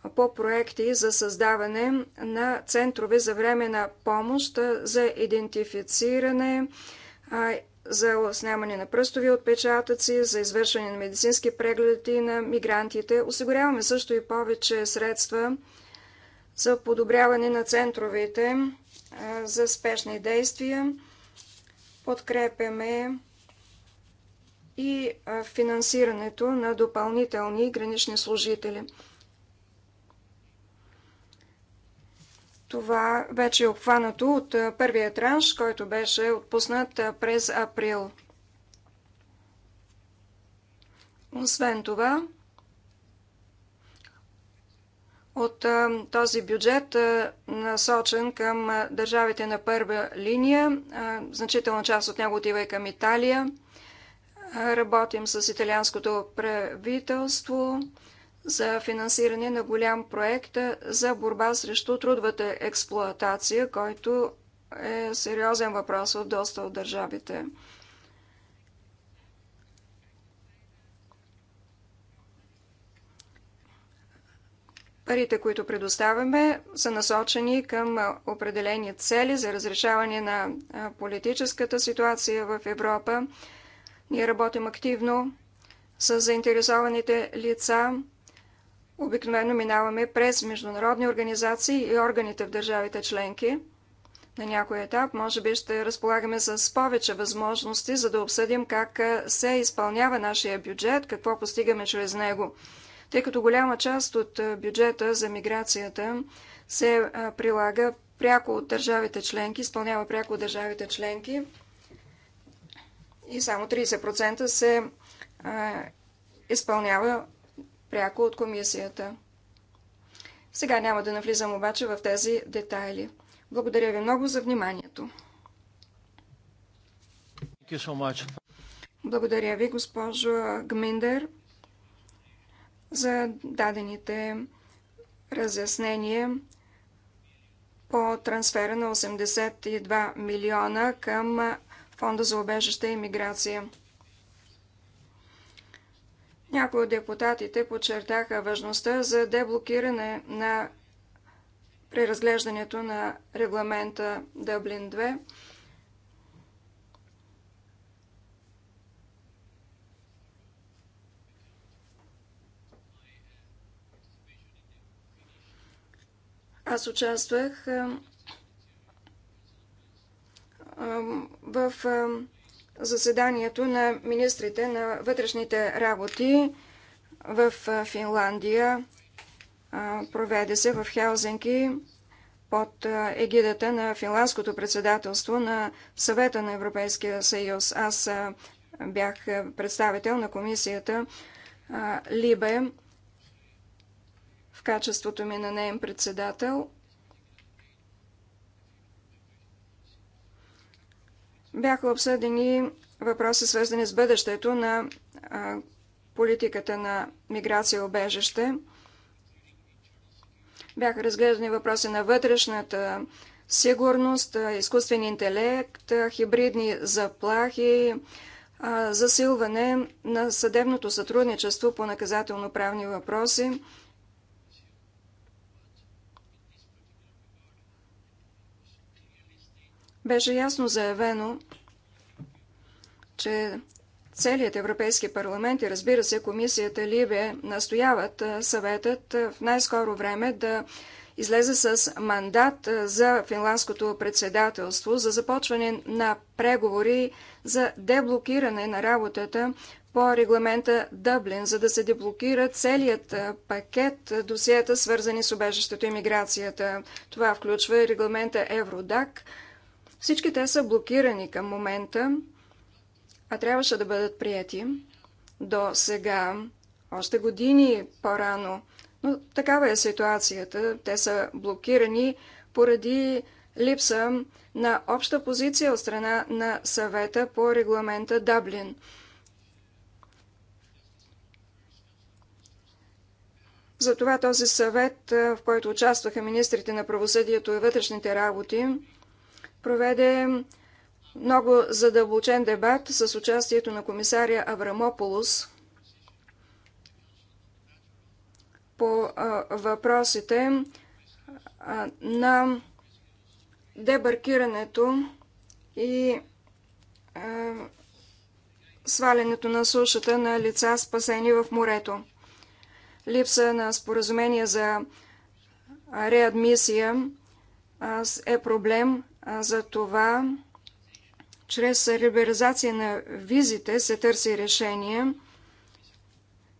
по проекти за създаване на центрове за времена помощ за идентифициране, за снемане на пръстови отпечатъци, за извършване на медицински прегледи на мигрантите. Осигуряваме също и повече средства за подобряване на центровете за спешни действия. Подкрепяме и финансирането на допълнителни гранични служители. Това вече е обхванато от първия транш, който беше отпуснат през април. Освен това, от този бюджет, насочен към държавите на първа линия, значителна част от него отива и към Италия. Работим с италианското правителство за финансиране на голям проект за борба срещу трудовата експлоатация, който е сериозен въпрос в доста от държавите. Парите, които предоставяме, са насочени към определени цели за разрешаване на политическата ситуация в Европа. Ние работим активно с заинтересованите лица Обикновено минаваме през международни организации и органите в държавите членки. На някой етап може би ще разполагаме с повече възможности, за да обсъдим как се изпълнява нашия бюджет, какво постигаме чрез него. Тъй като голяма част от бюджета за миграцията се прилага пряко от държавите членки, изпълнява пряко от държавите членки и само 30% се изпълнява пряко от комисията. Сега няма да навлизам обаче в тези детайли. Благодаря ви много за вниманието. Благодаря ви, госпожо Гминдер, за дадените разяснения по трансфера на 82 милиона към Фонда за обежище и миграция. Някои от депутатите подчертаха важността за деблокиране на преразглеждането на регламента Дъблин 2. Аз участвах в заседанието на министрите на вътрешните работи в Финландия. Проведе се в Хелзинки под егидата на финландското председателство на съвета на Европейския съюз. Аз бях представител на комисията Либе в качеството ми на неен председател. Бяха обсъдени въпроси, свързани с бъдещето на политиката на миграция и обежище. Бяха разгледани въпроси на вътрешната сигурност, изкуствен интелект, хибридни заплахи, засилване на съдебното сътрудничество по наказателно-правни въпроси. Беше ясно заявено, че целият Европейски парламент и разбира се комисията Либе настояват съветът в най-скоро време да излезе с мандат за финландското председателство за започване на преговори за деблокиране на работата по регламента Дъблин, за да се деблокира целият пакет досиета, свързани с обежището и миграцията. Това включва регламента Евродак – всички те са блокирани към момента, а трябваше да бъдат прияти до сега, още години по-рано. Но такава е ситуацията. Те са блокирани поради липса на обща позиция от страна на съвета по регламента Даблин. Затова този съвет, в който участваха министрите на правосъдието и вътрешните работи, проведе много задълбочен дебат с участието на комисаря Аврамополос по въпросите на дебаркирането и свалянето на сушата на лица спасени в морето. Липса на споразумение за реадмисия е проблем, за това, чрез либерализация на визите се търси решение,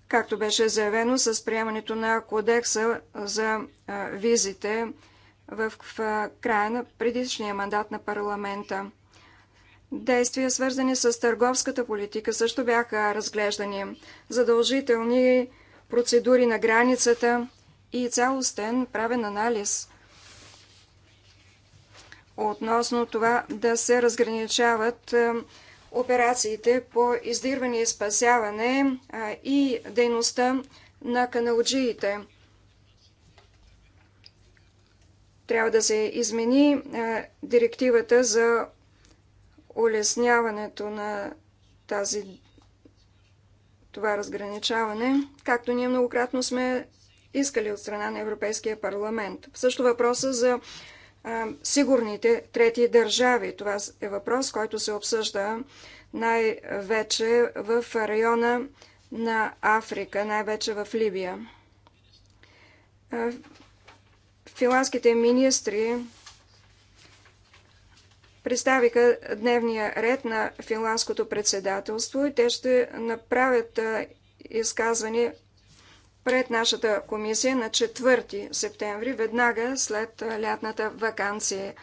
както беше заявено с приемането на кодекса за визите в края на предишния мандат на парламента. Действия, свързани с търговската политика, също бяха разглеждани. Задължителни процедури на границата и цялостен правен анализ – относно това да се разграничават е, операциите по издирване и спасяване е, и дейността на каналджиите. Трябва да се измени е, директивата за улесняването на тази, това разграничаване, както ние многократно сме искали от страна на Европейския парламент. Също въпроса за сигурните трети държави. Това е въпрос, който се обсъжда най-вече в района на Африка, най-вече в Либия. Финландските министри представиха дневния ред на финландското председателство и те ще направят изказване пред нашата комисия на 4 септември, веднага след лятната вакансия.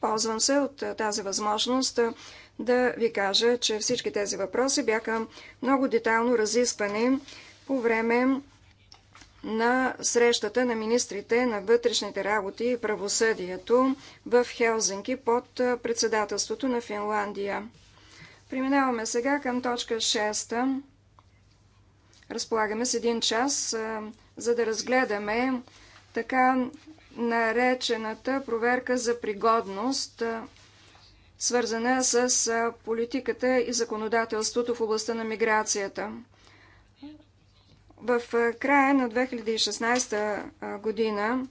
Ползвам се от тази възможност да ви кажа, че всички тези въпроси бяха много детайлно разисквани по време на срещата на министрите на вътрешните работи и правосъдието в Хелзинки под председателството на Финландия. Преминаваме сега към точка 6 разполагаме с един час, за да разгледаме така наречената проверка за пригодност, свързана с политиката и законодателството в областта на миграцията. В края на 2016 година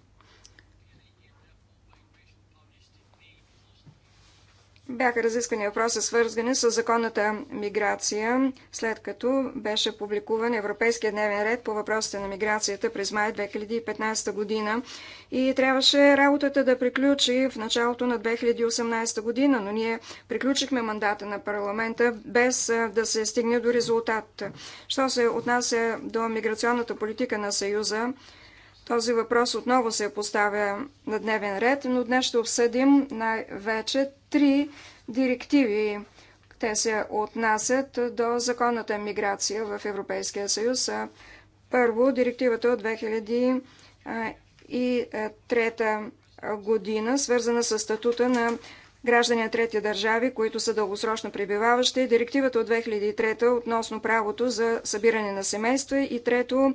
бяха разискани въпроса, свързани с законната миграция, след като беше публикуван Европейския дневен ред по въпросите на миграцията през май 2015 година и трябваше работата да приключи в началото на 2018 година, но ние приключихме мандата на парламента без да се стигне до резултат. Що се отнася до миграционната политика на Съюза, този въпрос отново се поставя на дневен ред, но днес ще обсъдим най-вече три директиви. Те се отнасят до законната миграция в Европейския съюз. Първо, директивата от 2003 година, свързана с статута на граждани на трети държави, които са дългосрочно пребиваващи, директивата от 2003 относно правото за събиране на семейства и трето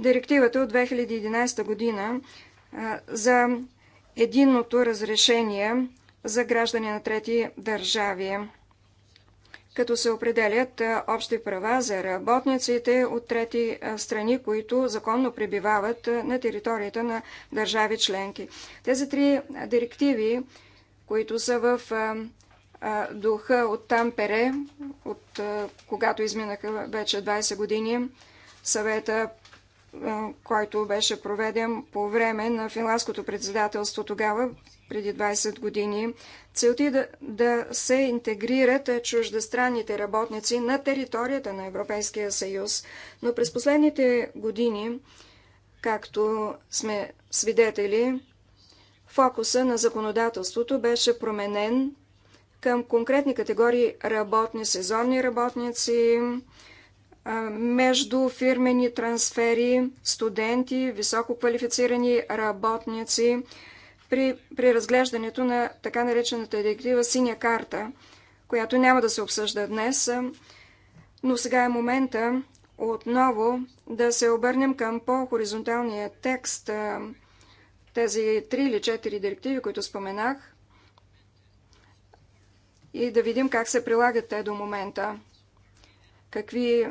директивата от 2011 година за единното разрешение за граждани на трети държави, като се определят общи права за работниците от трети страни, които законно пребивават на територията на държави членки. Тези три директиви, които са в духа от Тампере, от когато изминаха вече 20 години, съвета е, който беше проведен по време на финландското председателство тогава, преди 20 години. Целти е да, да се интегрират е, чуждестранните работници на територията на Европейския съюз. Но през последните години, както сме свидетели, фокуса на законодателството беше променен към конкретни категории работни, сезонни работници, между фирмени трансфери, студенти, висококвалифицирани работници при, при разглеждането на така наречената директива синя карта, която няма да се обсъжда днес, но сега е момента отново да се обърнем към по-хоризонталния текст, тези три или четири директиви, които споменах, и да видим как се прилагат те до момента какви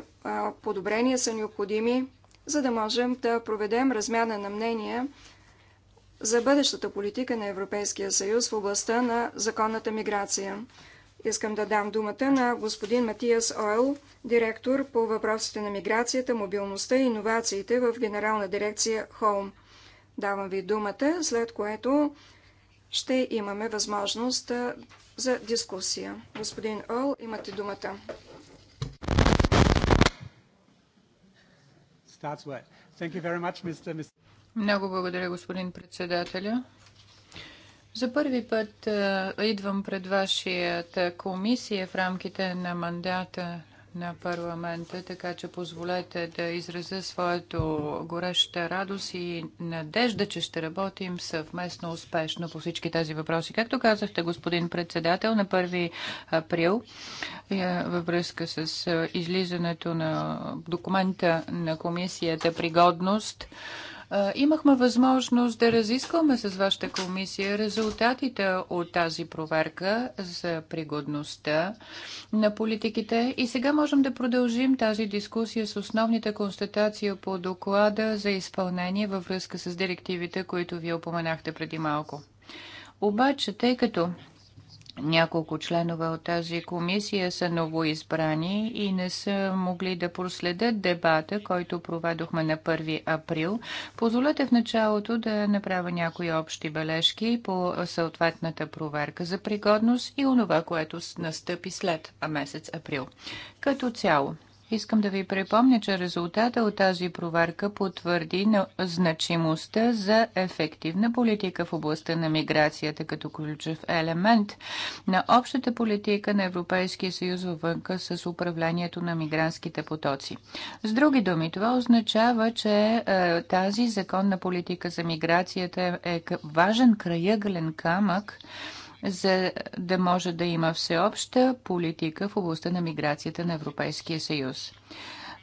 подобрения са необходими, за да можем да проведем размяна на мнения за бъдещата политика на Европейския съюз в областта на законната миграция. Искам да дам думата на господин Матиас Ойл, директор по въпросите на миграцията, мобилността и иновациите в Генерална дирекция Холм. Давам ви думата, след което ще имаме възможност за дискусия. Господин Ол, имате думата. Много благодаря, господин председателя. За първи път идвам пред вашата комисия в рамките на мандата на парламента, така че позволете да изразя своето гореща радост и надежда, че ще работим съвместно успешно по всички тези въпроси. Както казахте, господин председател, на 1 април е, във връзка с е, излизането на документа на комисията пригодност, Имахме възможност да разискваме с вашата комисия резултатите от тази проверка за пригодността на политиките и сега можем да продължим тази дискусия с основните констатации по доклада за изпълнение във връзка с директивите, които вие опоменахте преди малко. Обаче, тъй като няколко членове от тази комисия са новоизбрани и не са могли да проследят дебата, който проведохме на 1 април. Позволете в началото да направя някои общи бележки по съответната проверка за пригодност и онова, което настъпи след месец април. Като цяло, Искам да ви припомня, че резултата от тази проверка потвърди значимостта за ефективна политика в областта на миграцията като ключов елемент на общата политика на Европейския съюз във вънка с управлението на мигрантските потоци. С други думи, това означава, че е, тази законна политика за миграцията е, е важен краягълен камък, за да може да има всеобща политика в областта на миграцията на Европейския съюз.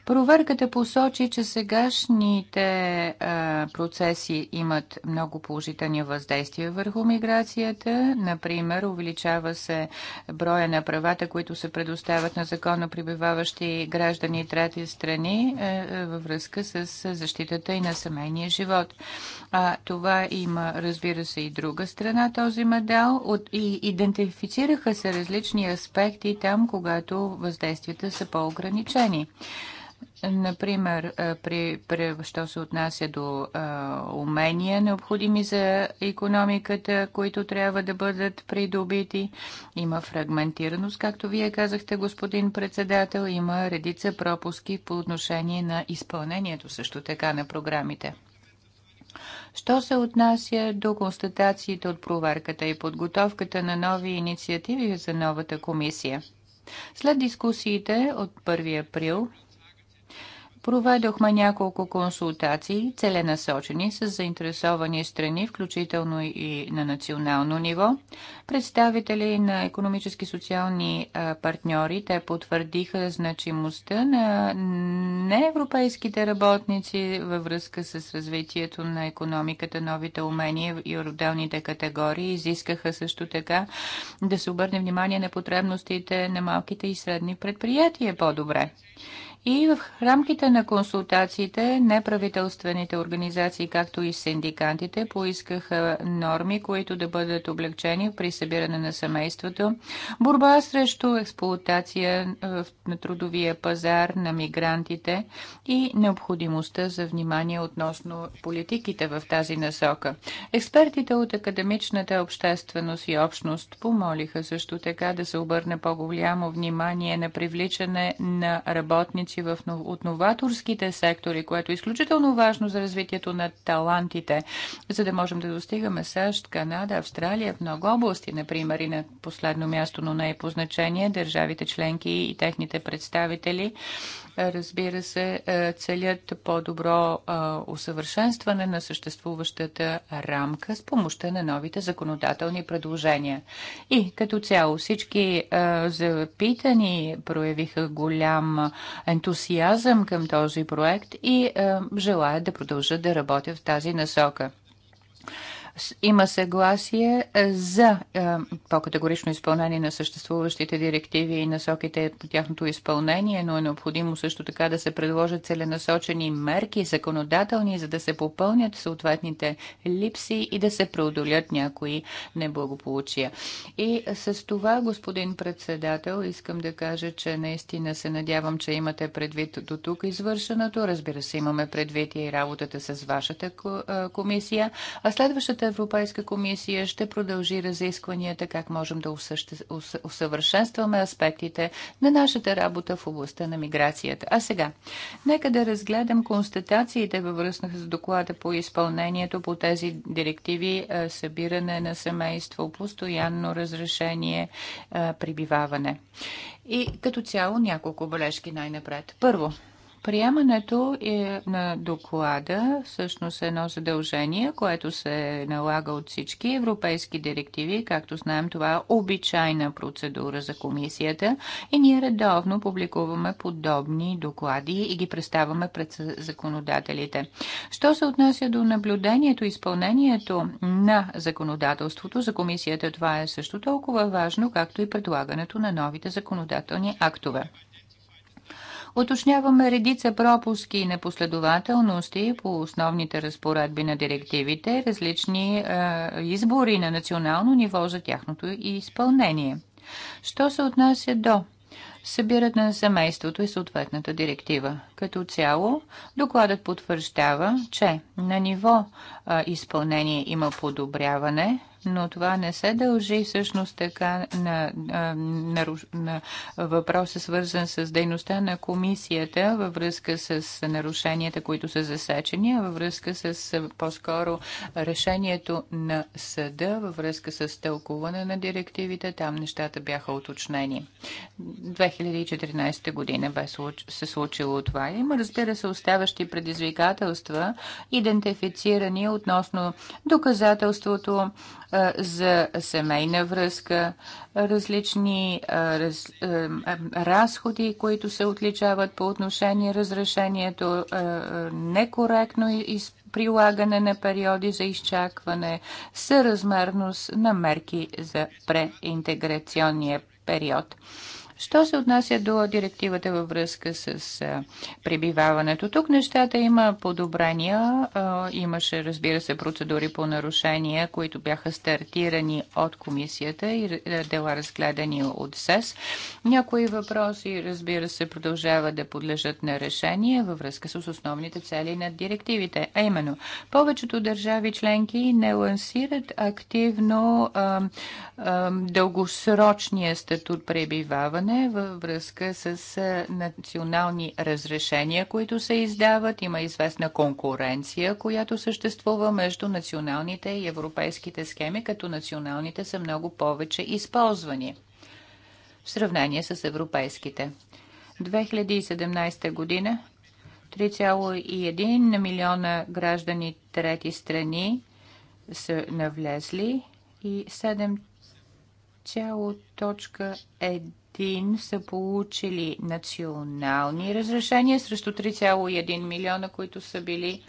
Проверката посочи, че сегашните а, процеси имат много положителни въздействия върху миграцията. Например, увеличава се броя на правата, които се предоставят на законно прибиваващи граждани и трети страни а, във връзка с защитата и на семейния живот. А, това има, разбира се, и друга страна този медал. От, и идентифицираха се различни аспекти там, когато въздействията са по-ограничени. Например, при, при, що се отнася до а, умения, необходими за економиката, които трябва да бъдат придобити. Има фрагментираност, както вие казахте, господин председател. Има редица пропуски по отношение на изпълнението също така на програмите. Що се отнася до констатациите от проверката и подготовката на нови инициативи за новата комисия? След дискусиите от 1 април Проведохме няколко консултации, целенасочени с заинтересовани страни, включително и на национално ниво. Представители на економически социални партньори, те потвърдиха значимостта на неевропейските работници във връзка с развитието на економиката, новите умения и отделните категории. Изискаха също така да се обърне внимание на потребностите на малките и средни предприятия по-добре. И в рамките на консултациите неправителствените организации, както и синдикантите, поискаха норми, които да бъдат облегчени при събиране на семейството, борба срещу експлуатация е, на трудовия пазар на мигрантите и необходимостта за внимание относно политиките в тази насока. Експертите от академичната общественост и общност помолиха също така да се обърне по-голямо внимание на привличане на работници работещи в, от новаторските сектори, което е изключително важно за развитието на талантите, за да можем да достигаме САЩ, Канада, Австралия, в много области, например, и на последно място, но не е по значение, държавите членки и техните представители разбира се, е, целят по-добро е, усъвършенстване на съществуващата рамка с помощта на новите законодателни предложения. И като цяло всички е, запитани проявиха голям ентусиазъм към този проект и желаят да продължат да работят в тази насока има съгласие е, за е, по-категорично изпълнение на съществуващите директиви и насоките по тяхното изпълнение, но е необходимо също така да се предложат целенасочени мерки, законодателни, за да се попълнят съответните липси и да се преодолят някои неблагополучия. И с това, господин председател, искам да кажа, че наистина се надявам, че имате предвид до тук извършеното. Разбира се, имаме предвид и работата с вашата е, комисия. А следващата Европейска комисия ще продължи разискванията как можем да усъвършенстваме аспектите на нашата работа в областта на миграцията. А сега, нека да разгледам констатациите във връзка с доклада по изпълнението по тези директиви е, събиране на семейство, постоянно разрешение, е, прибиваване. И като цяло няколко бележки най-напред. Първо, Приемането е на доклада всъщност е едно задължение, което се налага от всички европейски директиви. Както знаем, това е обичайна процедура за комисията и ние редовно публикуваме подобни доклади и ги представяме пред законодателите. Що се отнася до наблюдението и изпълнението на законодателството, за комисията това е също толкова важно, както и предлагането на новите законодателни актове. Уточняваме редица пропуски и непоследователности по основните разпоредби на директивите, различни е, избори на национално ниво за тяхното изпълнение. Що се отнася до събират на семейството и съответната директива. Като цяло, докладът потвърждава, че на ниво а, е, изпълнение има подобряване но това не се дължи всъщност така на, на, на, на въпроса, свързан с дейността на комисията във връзка с нарушенията, които са засечени, а във връзка с по-скоро решението на съда, във връзка с тълкуване на директивите. Там нещата бяха уточнени. 2014 година бе се случило това. Има, разбира се, оставащи предизвикателства, идентифицирани относно доказателството за семейна връзка, различни раз, разходи, които се отличават по отношение разрешението, некоректно прилагане на периоди за изчакване, съразмерност на мерки за преинтеграционния период. Що се отнася до директивата във връзка с прибиваването? Тук нещата има подобрения. Имаше, разбира се, процедури по нарушения, които бяха стартирани от комисията и дела разгледани от СЕС. Някои въпроси, разбира се, продължават да подлежат на решение във връзка с основните цели на директивите. А именно, повечето държави членки не лансират активно дългосрочния статут пребиваване изискване във връзка с е, национални разрешения, които се издават. Има известна конкуренция, която съществува между националните и европейските схеми, като националните са много повече използвани в сравнение с европейските. 2017 година 3,1 милиона граждани трети страни са навлезли и 7,1 Калатин са получили национални разрешения срещу 3,1 милиона, които са били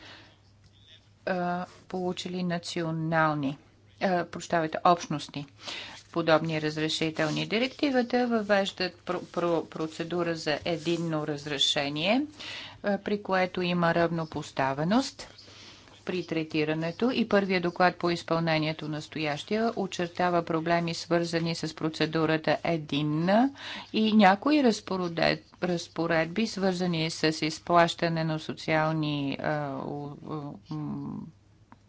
а, получили национални, а, прощавайте, общности подобни разрешителни. Директивата въвеждат про про процедура за единно разрешение, а, при което има равнопоставеност при третирането и първия доклад по изпълнението настоящия очертава проблеми свързани с процедурата единна и някои разпоредби свързани с изплащане на социални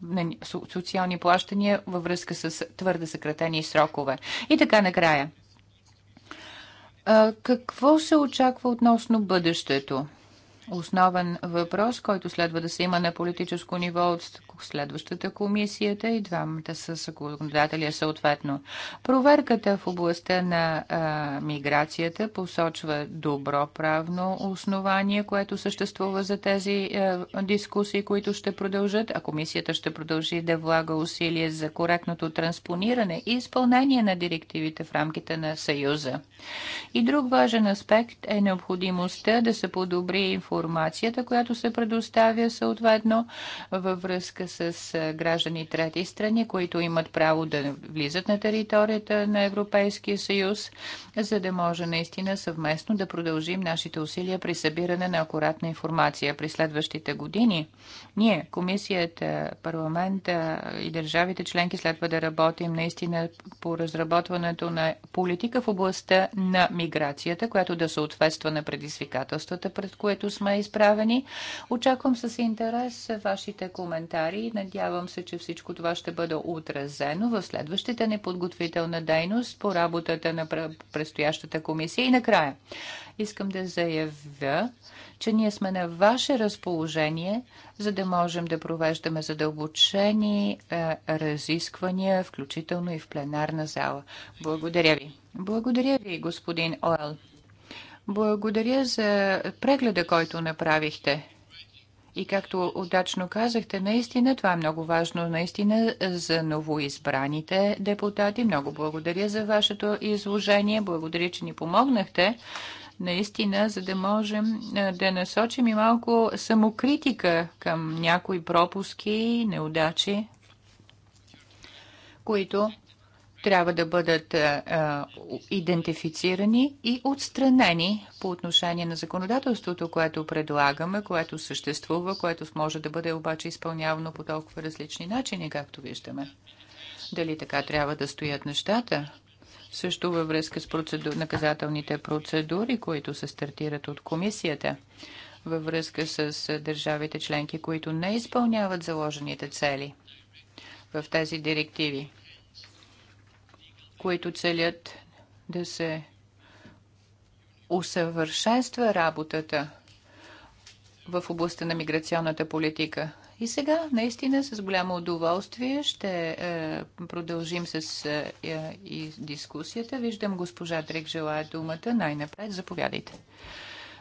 на социални плащания във връзка с твърде съкратени срокове. И така накрая. Какво се очаква относно бъдещето? основен въпрос, който следва да се има на политическо ниво от следващата комисията и двамата са законодатели съответно. Проверката в областта на а, миграцията посочва добро правно основание, което съществува за тези а, дискусии, които ще продължат, а комисията ще продължи да влага усилия за коректното транспониране и изпълнение на директивите в рамките на Съюза. И друг важен аспект е необходимостта да се подобри информацията, която се предоставя съответно във връзка с граждани трети страни, които имат право да влизат на територията на Европейския съюз, за да може наистина съвместно да продължим нашите усилия при събиране на акуратна информация. При следващите години ние, комисията, парламента и държавите членки следва да работим наистина по разработването на политика в областта на миграцията, която да съответства на предизвикателствата, пред което сме изправени. Очаквам с интерес вашите коментари коментари. Надявам се, че всичко това ще бъде отразено в следващата неподготвителна дейност по работата на предстоящата комисия. И накрая, искам да заявя, че ние сме на ваше разположение, за да можем да провеждаме задълбочени е, разисквания, включително и в пленарна зала. Благодаря ви. Благодаря ви, господин Оел. Благодаря за прегледа, който направихте. И както удачно казахте, наистина това е много важно, наистина за новоизбраните депутати. Много благодаря за вашето изложение. Благодаря, че ни помогнахте наистина, за да можем да насочим и малко самокритика към някои пропуски, неудачи, които трябва да бъдат е, е, идентифицирани и отстранени по отношение на законодателството, което предлагаме, което съществува, което може да бъде обаче изпълнявано по толкова различни начини, както виждаме. Дали така трябва да стоят нещата? Също във връзка с процеду... наказателните процедури, които се стартират от комисията, във връзка с е, държавите членки, които не изпълняват заложените цели в тези директиви които целят да се усъвършенства работата в областта на миграционната политика. И сега, наистина, с голямо удоволствие ще е, продължим с е, дискусията. Виждам госпожа Трик желая думата. Най-напред, заповядайте.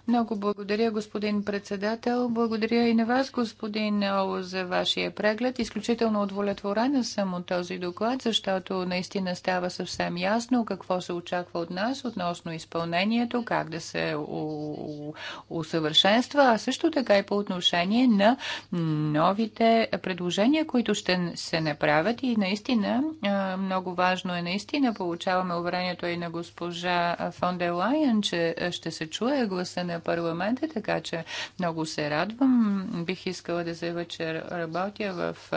Много благодаря, господин председател. Благодаря и на вас, господин Неоло, за вашия преглед. Изключително удовлетворена съм от този доклад, защото наистина става съвсем ясно какво се очаква от нас относно изпълнението, как да се усъвършенства, а също така и по отношение на новите предложения, които ще се направят. И наистина, много важно е наистина, получаваме уверението и на госпожа Фон де Лайен, че ще се чуе гласа на на парламента, така че много се радвам. Бих искала да заявя, че работя в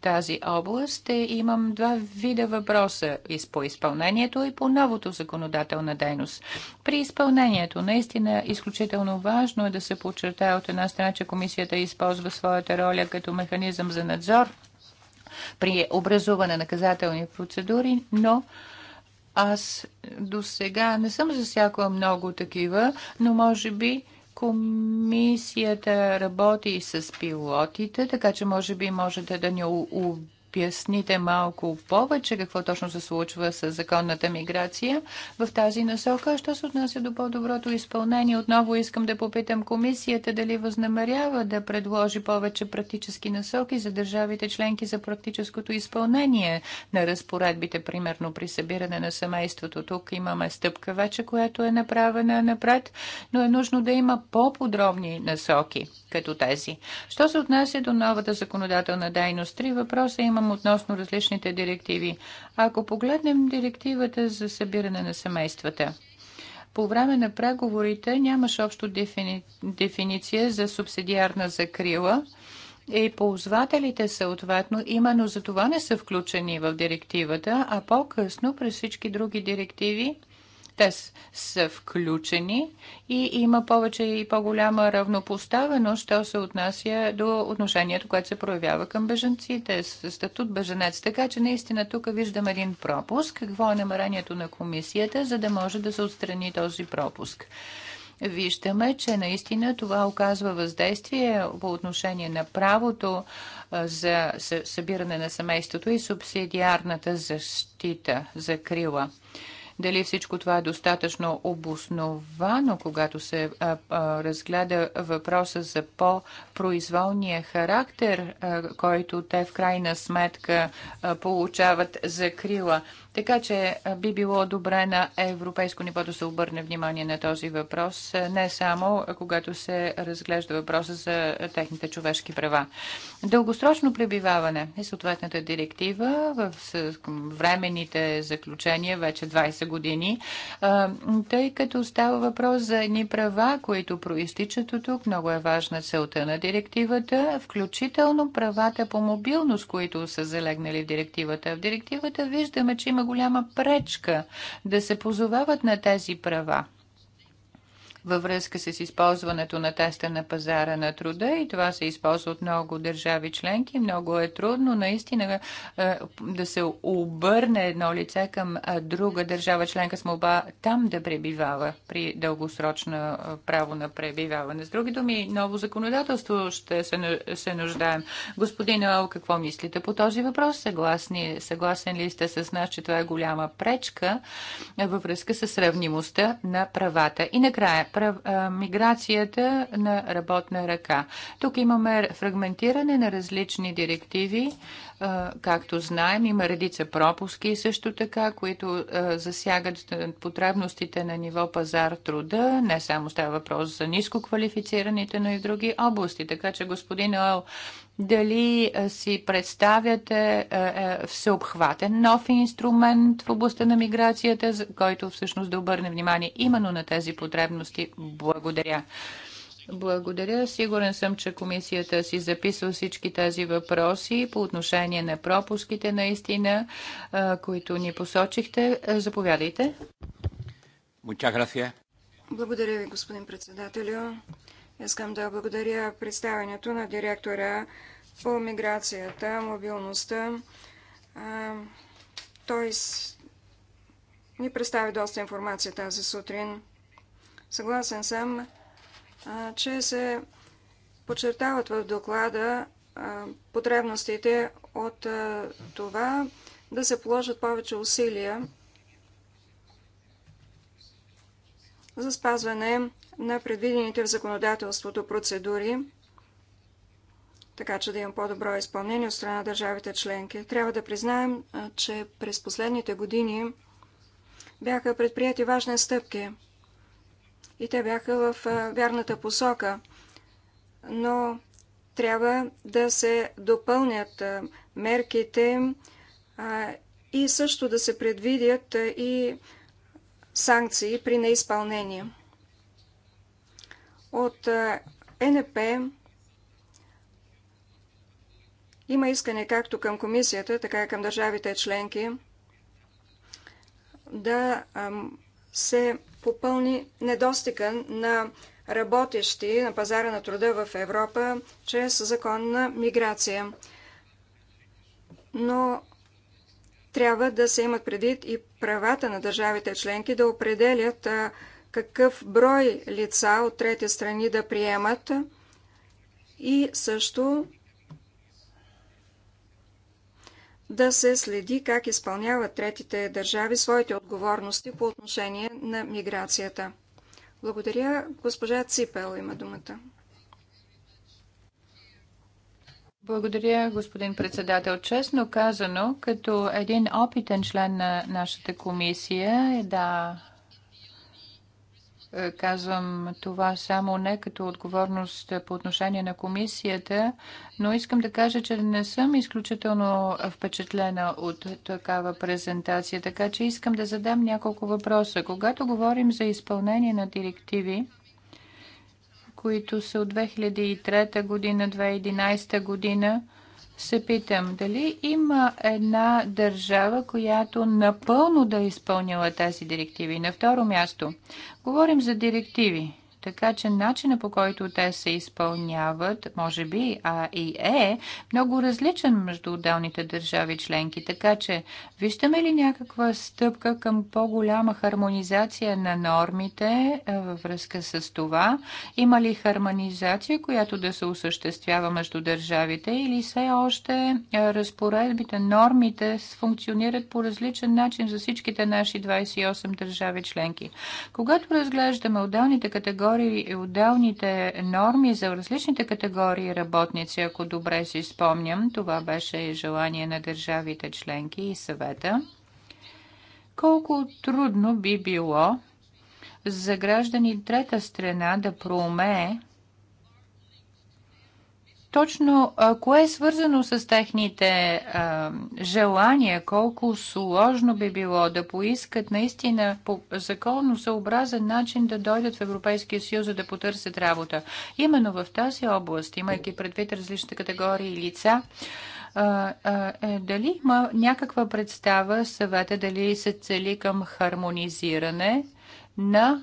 тази област. Е, имам два вида въпроса и по изпълнението и по новото законодателна дейност. При изпълнението наистина изключително важно е да се подчертая от една страна, че комисията използва своята роля като механизъм за надзор при образуване на наказателни процедури, но аз до сега не съм засякла много такива, но може би комисията работи с пилотите, така че може би можете да ни обясните малко повече какво точно се случва с законната миграция в тази насока. Що се отнася до по-доброто изпълнение, отново искам да попитам комисията дали възнамерява да предложи повече практически насоки за държавите членки за практическото изпълнение на разпоредбите, примерно при събиране на семейството. Тук имаме стъпка вече, която е направена напред, но е нужно да има по-подробни насоки като тези. Що се отнася до новата законодателна дейност? Три въпроса има имам относно различните директиви. Ако погледнем директивата за събиране на семействата, по време на преговорите нямаше общо дефини... дефиниция за субсидиарна закрила и ползвателите съответно именно за това не са включени в директивата, а по-късно през всички други директиви те са включени и има повече и по-голяма равнопоставеност, що се отнася до отношението, което се проявява към беженците, статут беженец. Така че наистина тук виждам един пропуск. Какво е намерението на комисията, за да може да се отстрани този пропуск? виждаме, че наистина това оказва въздействие по отношение на правото за събиране на семейството и субсидиарната защита за крила. Дали всичко това е достатъчно обосновано, когато се а, а, разгледа въпроса за по-произволния характер, а, който те в крайна сметка получават закрила. Така че би било добре на европейско ниво да се обърне внимание на този въпрос, не само когато се разглежда въпроса за техните човешки права. Дългосрочно пребиваване и е съответната директива в времените заключения вече 20 години, тъй като става въпрос за едни права, които проистичат от тук. Много е важна целта на директивата, включително правата по мобилност, които са залегнали в директивата. В директивата виждаме, че има голяма пречка да се позовават на тези права във връзка с използването на теста на пазара на труда и това се използва от много държави членки. Много е трудно наистина е, да се обърне едно лице към друга държава членка с молба там да пребивава при дългосрочно е, право на пребиваване. С други думи, ново законодателство ще се, се нуждаем. Господин Ол, какво мислите по този въпрос? Съгласни, съгласен ли сте с нас, че това е голяма пречка е, във връзка с сравнимостта на правата? И накрая, миграцията на работна ръка. Тук имаме фрагментиране на различни директиви. Както знаем, има редица пропуски също така, които засягат потребностите на ниво пазар труда. Не само става въпрос за ниско квалифицираните, но и в други области. Така че господин Оел дали си представяте всеобхватен нов инструмент в областта на миграцията, за който всъщност да обърне внимание именно на тези потребности? Благодаря. Благодаря. Сигурен съм, че комисията си записва всички тези въпроси по отношение на пропуските наистина, които ни посочихте. Заповядайте. Благодаря ви, господин председателю. Искам да благодаря представянето на директора по миграцията, мобилността. Той ни представи доста информация тази сутрин. Съгласен съм, че се подчертават в доклада потребностите от това да се положат повече усилия за спазване на предвидените в законодателството процедури, така че да има по-добро изпълнение от страна на държавите членки. Трябва да признаем, че през последните години бяха предприяти важни стъпки и те бяха в вярната посока, но трябва да се допълнят мерките и също да се предвидят и санкции при неизпълнение. От НП има искане както към комисията, така и към държавите членки да се попълни недостига на работещи на пазара на труда в Европа чрез законна миграция. Но трябва да се имат предвид и правата на държавите членки да определят какъв брой лица от трети страни да приемат и също да се следи как изпълняват третите държави своите отговорности по отношение на миграцията. Благодаря. Госпожа Ципел има думата. Благодаря, господин председател. Честно казано, като един опитен член на нашата комисия, е да, е, казвам това само не като отговорност по отношение на комисията, но искам да кажа, че не съм изключително впечатлена от такава презентация, така че искам да задам няколко въпроса. Когато говорим за изпълнение на директиви, които са от 2003 година, 2011 година, се питам дали има една държава, която напълно да е изпълнила тези директиви. На второ място, говорим за директиви. Така че начина по който те се изпълняват, може би, а и е, много различен между отделните държави членки. Така че виждаме ли някаква стъпка към по-голяма хармонизация на нормите е, във връзка с това? Има ли хармонизация, която да се осъществява между държавите или все още е, разпоредбите, нормите функционират по различен начин за всичките наши 28 държави членки? Когато разглеждаме отделните категории, категории и отделните норми за различните категории работници, ако добре си спомням. Това беше и желание на държавите членки и съвета. Колко трудно би било за граждани трета страна да проумее, точно кое е свързано с техните а, желания, колко сложно би било да поискат наистина по законно съобразен начин да дойдат в Европейския съюз, за да потърсят работа. Именно в тази област, имайки предвид различните категории лица, а, а, е, дали има някаква представа съвета, дали се цели към хармонизиране на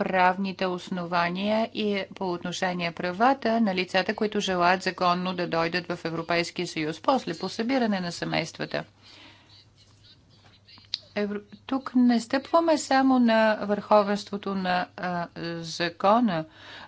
правните основания и по отношение правата на лицата, които желаят законно да дойдат в Европейския съюз, после по събиране на семействата. Евро... Тук не стъпваме само на върховенството на а, закона,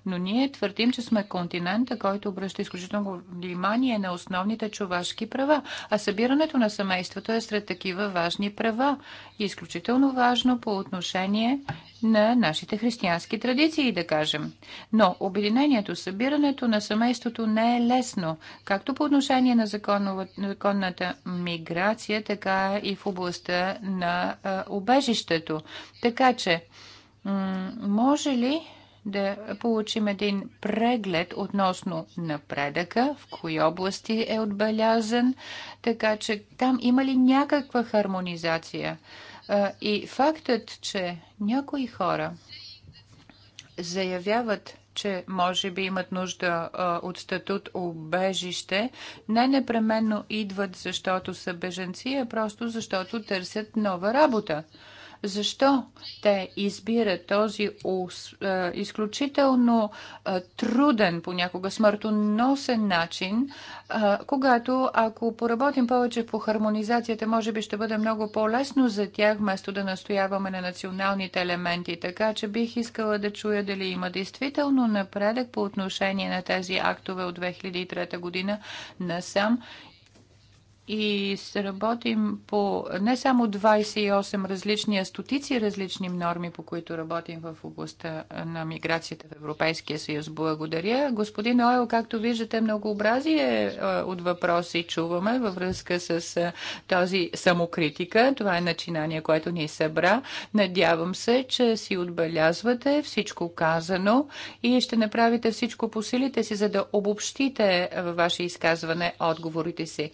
но ние твърдим, че сме континента, който обръща изключително внимание на основните човешки права, а събирането на семейството е сред такива важни права и изключително важно по отношение на нашите християнски традиции, да кажем. Но обединението, събирането на семейството не е лесно, както по отношение на законната миграция, така и в областта на убежището. Така че, може ли да получим един преглед относно напредъка, в кои области е отбелязан, така че там има ли някаква хармонизация? И фактът, че някои хора заявяват, че може би имат нужда а, от статут обежище, не непременно идват, защото са беженци, а просто защото търсят нова работа. Защо те избират този е, изключително е, труден, понякога смъртоносен начин, е, когато ако поработим повече по хармонизацията, може би ще бъде много по-лесно за тях, вместо да настояваме на националните елементи. Така че бих искала да чуя дали има действително напредък по отношение на тези актове от 2003 година насам и работим по не само 28 различни, а стотици различни норми, по които работим в областта на миграцията в Европейския съюз. Благодаря. Господин Ойл, както виждате, многообразие е, от въпроси чуваме във връзка с е, този самокритика. Това е начинание, което ни събра. Надявам се, че си отбелязвате всичко казано и ще направите всичко по силите си, за да обобщите във ваше изказване отговорите си.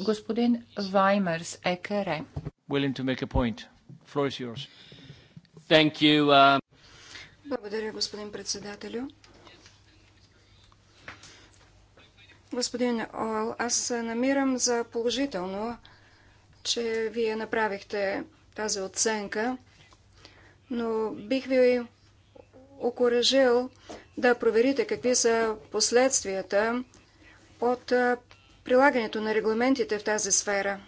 Господин Ваймерс, ЕКР. Е. Willing to make a point. Floor is yours. Thank you. Uh... Благодаря, господин председателю. Господин Ойл, аз намирам за положително, че вие направихте тази оценка, но бих ви окоръжил да проверите какви са последствията от прилагането на регламентите в тази сфера.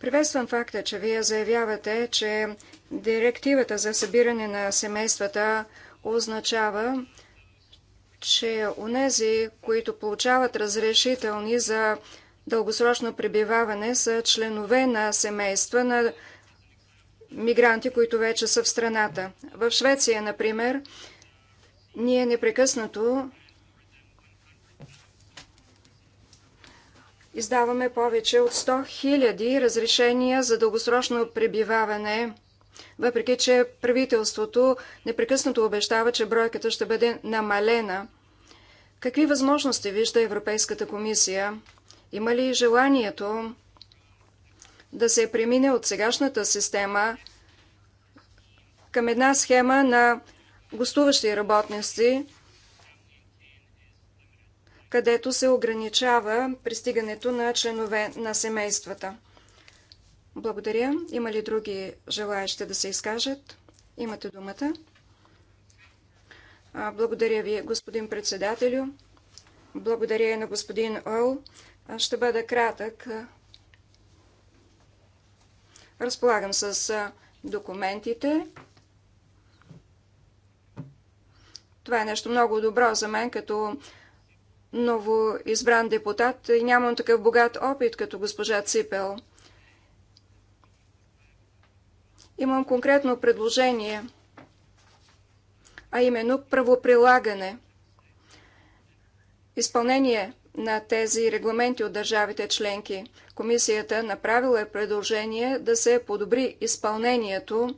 Приветствам факта, че вие заявявате, че директивата за събиране на семействата означава, че онези, които получават разрешителни за дългосрочно пребиваване, са членове на семейства на мигранти, които вече са в страната. В Швеция, например, ние непрекъснато Издаваме повече от 100 000 разрешения за дългосрочно пребиваване, въпреки че правителството непрекъснато обещава, че бройката ще бъде намалена. Какви възможности вижда Европейската комисия? Има ли желанието да се премине от сегашната система към една схема на гостуващи работници, където се ограничава пристигането на членове на семействата. Благодаря. Има ли други желаящи да се изкажат? Имате думата. Благодаря ви, господин председателю. Благодаря и на господин Ол. Ще бъда кратък. Разполагам с документите. Това е нещо много добро за мен като ново избран депутат и нямам такъв богат опит като госпожа Ципел. Имам конкретно предложение, а именно правоприлагане. Изпълнение на тези регламенти от държавите членки. Комисията направила е предложение да се подобри изпълнението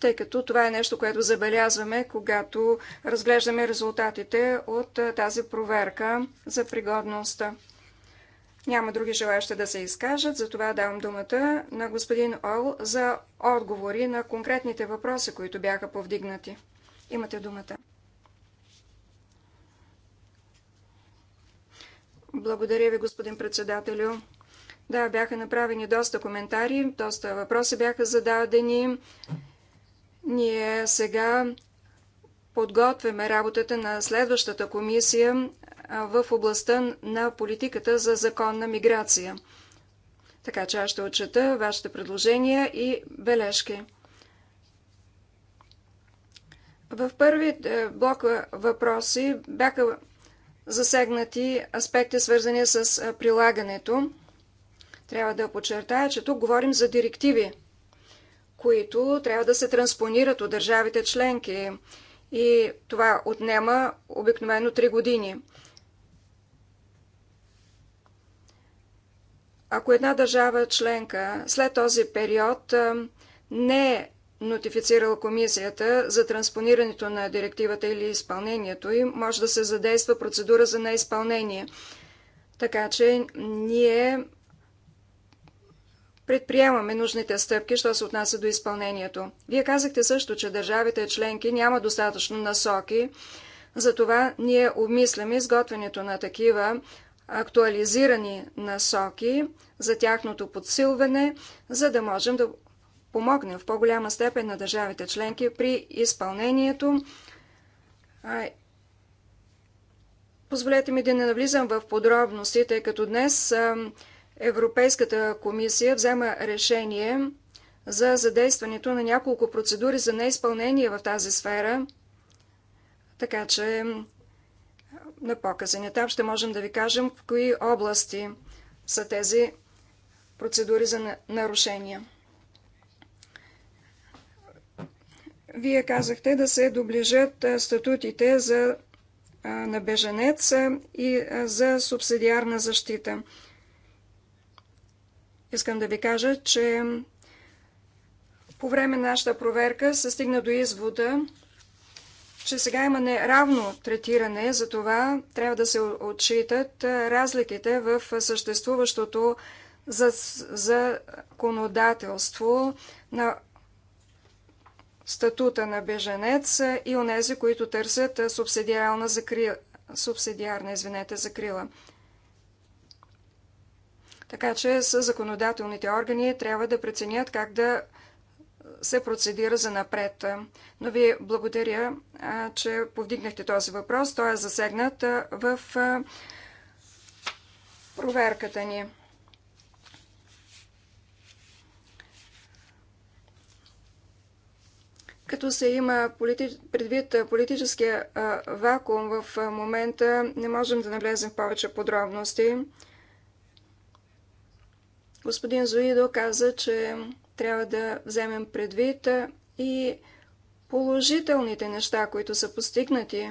тъй като това е нещо, което забелязваме, когато разглеждаме резултатите от тази проверка за пригодността. Няма други желаящи да се изкажат, затова давам думата на господин Ол за отговори на конкретните въпроси, които бяха повдигнати. Имате думата. Благодаря ви, господин председателю. Да, бяха направени доста коментари, доста въпроси бяха зададени. Ние сега подготвяме работата на следващата комисия в областта на политиката за законна миграция. Така че аз ще отчета вашите предложения и бележки. В първи е, блок е, въпроси бяха засегнати аспекти, свързани с е, прилагането. Трябва да подчертая, че тук говорим за директиви – които трябва да се транспонират от държавите членки. И това отнема обикновено 3 години. Ако една държава членка след този период не е нотифицирала комисията за транспонирането на директивата или изпълнението им, може да се задейства процедура за неизпълнение. Така че ние предприемаме нужните стъпки, що се отнася до изпълнението. Вие казахте също, че държавите членки няма достатъчно насоки, затова ние обмисляме изготвянето на такива актуализирани насоки за тяхното подсилване, за да можем да помогнем в по-голяма степен на държавите членки при изпълнението. Позволете ми да не навлизам в подробности, тъй като днес Европейската комисия взема решение за задействането на няколко процедури за неизпълнение в тази сфера, така че на показен етап ще можем да ви кажем в кои области са тези процедури за нарушения. Вие казахте да се доближат статутите за на беженец и за субсидиарна защита. Искам да ви кажа, че по време на нашата проверка се стигна до извода, че сега има неравно третиране, затова трябва да се отчитат разликите в съществуващото за законодателство на статута на беженец и онези, които търсят субсидиарна закрила. Така че с законодателните органи трябва да преценят как да се процедира за напред. Но ви благодаря, че повдигнахте този въпрос. Той е засегнат в проверката ни. Като се има предвид политическия вакуум в момента, не можем да навлезем в повече подробности. Господин Зоидо каза, че трябва да вземем предвид и положителните неща, които са постигнати.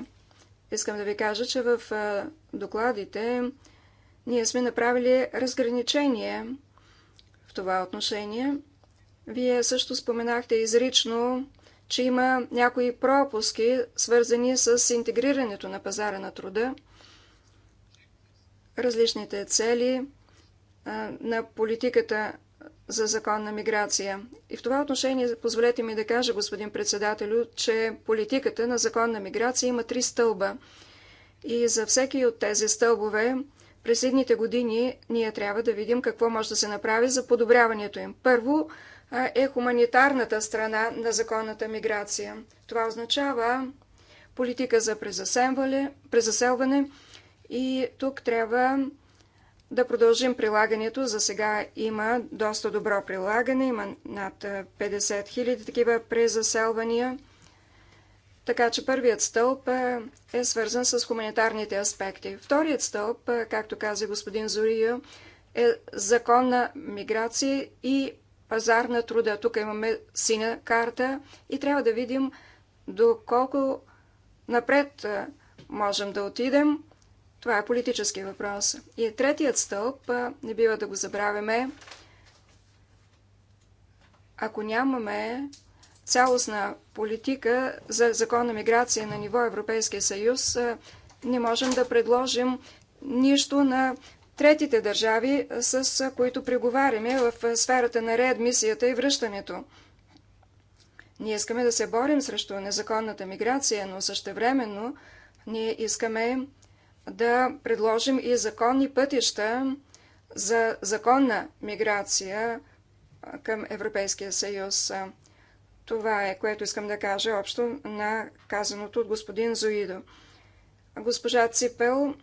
Искам да ви кажа, че в докладите ние сме направили разграничение в това отношение. Вие също споменахте изрично, че има някои пропуски, свързани с интегрирането на пазара на труда, различните цели – на политиката за законна миграция. И в това отношение позволете ми да кажа, господин председателю, че политиката на законна миграция има три стълба. И за всеки от тези стълбове през едните години ние трябва да видим какво може да се направи за подобряването им. Първо е хуманитарната страна на законната миграция. Това означава политика за презаселване и тук трябва да продължим прилагането. За сега има доста добро прилагане, има над 50 000 такива презаселвания. Така че първият стълб е свързан с хуманитарните аспекти. Вторият стълб, както каза господин Зория, е законна миграция и пазар на труда. Тук имаме сина карта и трябва да видим доколко напред можем да отидем това е политически въпрос. И е третият стълб, не бива да го забравяме, ако нямаме цялостна политика за законна миграция на ниво Европейския съюз, не можем да предложим нищо на третите държави, с които преговаряме в сферата на реадмисията и връщането. Ние искаме да се борим срещу незаконната миграция, но същевременно ние искаме да предложим и законни пътища за законна миграция към Европейския съюз. Това е, което искам да кажа общо на казаното от господин Зоидо. Госпожа Ципел,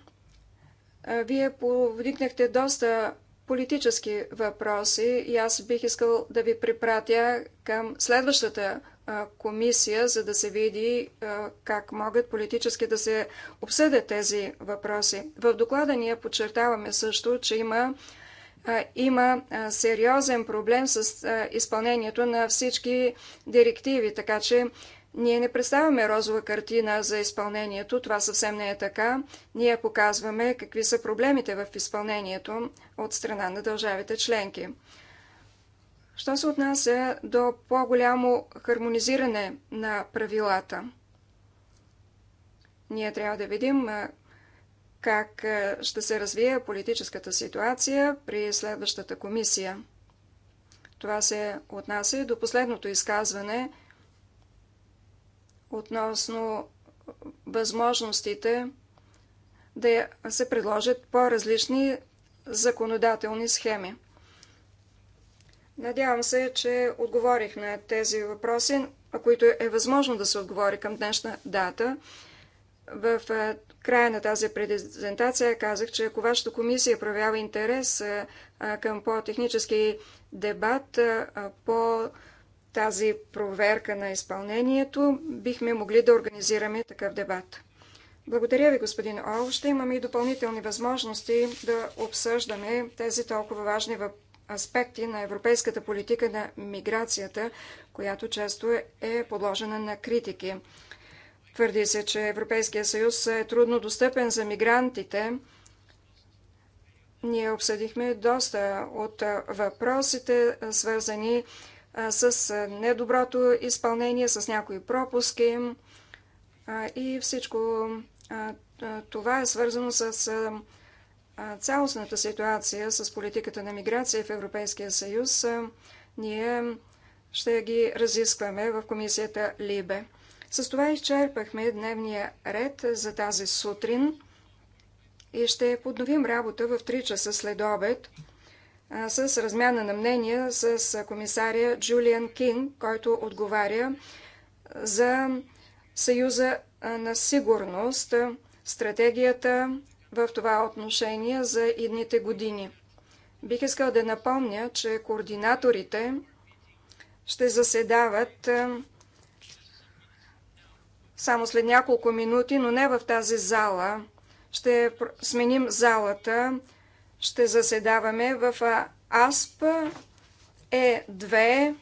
вие повдигнахте доста политически въпроси и аз бих искал да ви препратя към следващата комисия, за да се види как могат политически да се обсъдят тези въпроси. В доклада ние подчертаваме също, че има има сериозен проблем с изпълнението на всички директиви, така че ние не представяме розова картина за изпълнението, това съвсем не е така. Ние показваме какви са проблемите в изпълнението от страна на държавите членки. Що се отнася до по-голямо хармонизиране на правилата? Ние трябва да видим как ще се развие политическата ситуация при следващата комисия. Това се отнася до последното изказване относно възможностите да се предложат по-различни законодателни схеми. Надявам се, че отговорих на тези въпроси, на които е възможно да се отговори към днешна дата. В края на тази презентация казах, че ако вашата комисия проявява интерес към по-технически дебат по тази проверка на изпълнението, бихме могли да организираме такъв дебат. Благодаря ви, господин Ол. Ще имаме и допълнителни възможности да обсъждаме тези толкова важни въпроси аспекти на европейската политика на миграцията, която често е, е подложена на критики. Твърди се, че Европейския съюз е трудно достъпен за мигрантите. Ние обсъдихме доста от въпросите, свързани с недоброто изпълнение, с някои пропуски и всичко това е свързано с цялостната ситуация с политиката на миграция в Европейския съюз, ние ще ги разискваме в комисията Либе. С това изчерпахме дневния ред за тази сутрин и ще подновим работа в 3 часа след обед с размяна на мнения с комисаря Джулиан Кинг, който отговаря за Съюза на сигурност, стратегията в това отношение за едните години. Бих искал да напомня, че координаторите ще заседават само след няколко минути, но не в тази зала. Ще сменим залата. Ще заседаваме в АСП Е2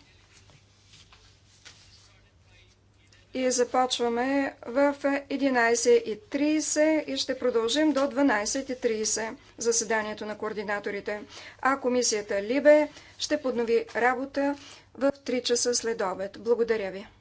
и започваме в 11.30 и ще продължим до 12.30 заседанието на координаторите. А комисията Либе ще поднови работа в 3 часа след обед. Благодаря ви.